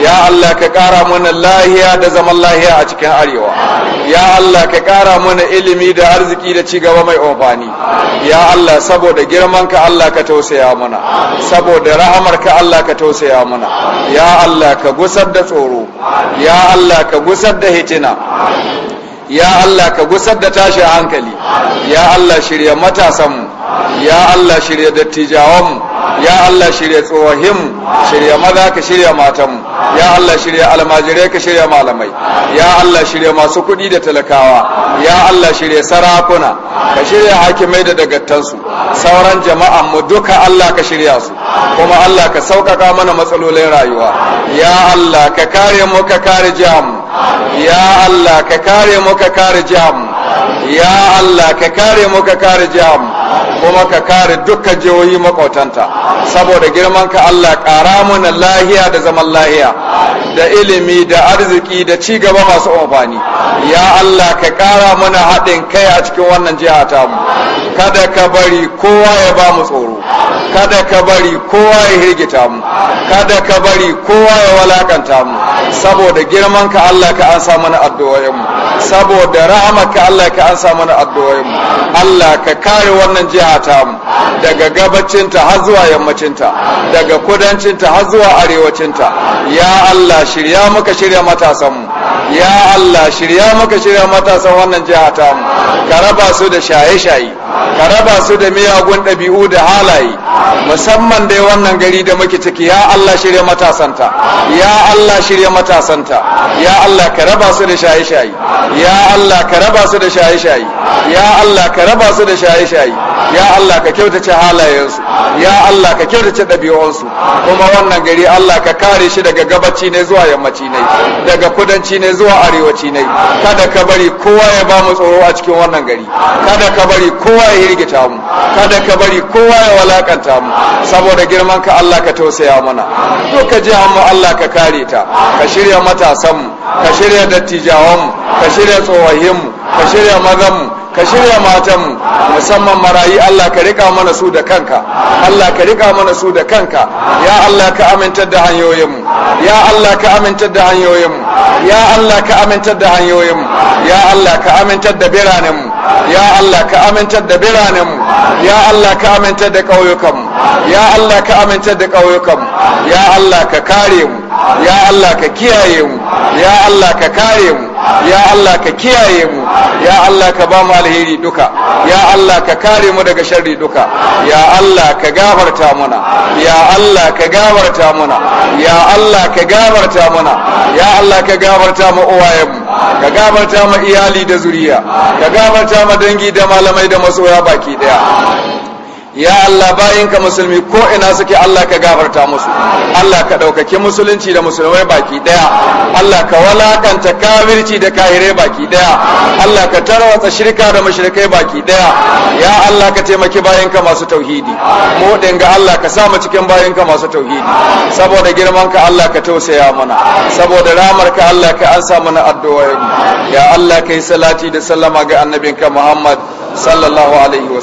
ya Allah ka kara mana lahiya da zaman lahiya a cikin arewa ya Allah ka kara mana ilimi da arziki da ci gaba mai amfani ya Allah saboda girman ka Allah ka tausaya mana saboda rahamar ka Allah ka tausaya mana ya Allah ka gusar da tsoro ya Allah ka gusar da hitina ya Allah ka gusar da tashin hankali ya Allah shirya matasanmu ya Allah shirya dattijawanmu ya Allah shirya tsohim shirya maza ka shirya matanmu ya Allah shirya almajirai ka shirya malamai ya Allah shirya masu kuɗi da talakawa ya Allah shirya sarakuna ka shirya hakimai da dagattansu sauran jama'an mu duka Allah ka shirya su kuma Allah ka sauƙaƙa mana matsalolin rayuwa ya Allah ka kare mu ka kare jihanmu ya Allah ka kare mu ka kare jihar mu ya Allah ka kare mu ka kare jihar kuma ka kare dukkan jihohi makotanta. saboda girman ka Allah kara mana lahiya da zaman lahiya da ilimi da arziki da ci gaba masu amfani ya Allah ka kara mana haɗin kai a cikin wannan jiha ta mu kada ka bari kowa ya ba mu tsoro kada ka bari kowa ya hirgita mu kada ka bari kowa ya walakanta mu saboda girman ka Allah ka an sa mana addu'o'in mu saboda rahama ka Allah ka samu mana addu'o'in mu Allah ka kare wannan jiha ta mu daga gabacinta har zuwa yammacinta. daga kudancinta har zuwa arewacinta. ya Allah shirya muka shirya matasan mu ya Allah shirya maka shirya matasan wannan jiha ta mu ka raba su da shaye-shaye ka raba su da miyagun ɗabi'u da halaye musamman dai wannan gari da muke ciki ya Allah shirya matasanta ya Allah shirya matasanta ya Allah ka raba su da shaye-shaye ya Allah ka raba su da shaye-shaye ya Allah ka raba su da shaye-shaye ya Allah ka kyautace halayensu ya Allah ka kyautace ɗabi'unsu kuma wannan gari Allah ka kare shi daga gabaci ne zuwa yammaci ne daga kudanci ne zuwa arewaci ne kada ka bari kowa ya ba mu tsoro a cikin wannan gari kada ka bari kowa ya rigita mu kada ka bari kowa ya walakanta mu saboda girman ka Allah ka tausaya mana ka ji mu Allah ka kare ta ka shirya matasan mu ka shirya dattijawan mu ka shirya tsohahin mu ka shirya mazan mu ka shirya matanmu musamman marayi Allah ka rika mana su da kanka Allah ka rika mana su da kanka ya Allah ka amintar da mu ya Allah ka amintar da hanyoyinmu ya Allah ka amintar da hanyoyinmu ya Allah ka amintar da biranenmu ya Allah ka amintar da biranenmu ya Allah ka amintar da ƙauyukanmu ya Allah ka amintar da ƙauyukanmu ya Allah ka kare mu ya Allah ka kiyaye mu ya Allah ka kare mu ya Allah ka kiyaye mu ya Allah ka ba mu alheri duka ya Allah ka kare mu daga sharri duka ya Allah ka gafarta muna ya Allah ka gafarta muna ya Allah ka gafarta muna ya Allah ka gafarta mu mu ka gafarta mu iyali da zuriya ka gafarta mu dangi da malamai da masoya baki daya ya Allah bayinka musulmi ko ina suke Allah ka gafarta musu Allah ka ɗaukaki musulunci da musulmai baki daya Allah ka walakanta kafirci da kahire baki daya Allah ka tarwatsa shirka da mashirkai baki daya ya Allah ka taimaki bayinka masu tauhidi mu dinga Allah ka sa mu cikin bayinka masu tauhidi saboda girman ka Allah ka tausaya mana saboda ramar ka Allah ka ansa mana addu'a ya Allah kai salati da sallama ga annabinka Muhammad sallallahu alaihi wa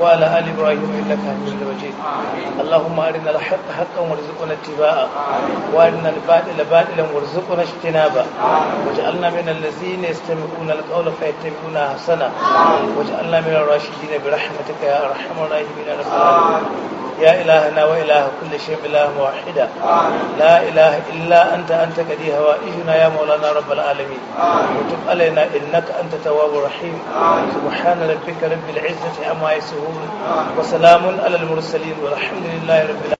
وعلى آل إبراهيم إنك حميد مجيد اللهم أرنا الحق حقا وارزقنا اتباعه وأرنا الباطل باطلا وارزقنا اجتنابه واجعلنا من الذين يستمعون القول فيتبعون أحسنه واجعلنا من الراشدين برحمتك يا أرحم الراحمين يا رب العالمين يا إلهنا وإله كل شيء إله واحدا لا إله إلا أنت أنت كدي هوائجنا يا مولانا رب العالمين وتب علينا إنك أنت تواب رحيم سبحان ربك رب العزة عما يصفون wa salamun alal mursalin walhamdulillahi rabbil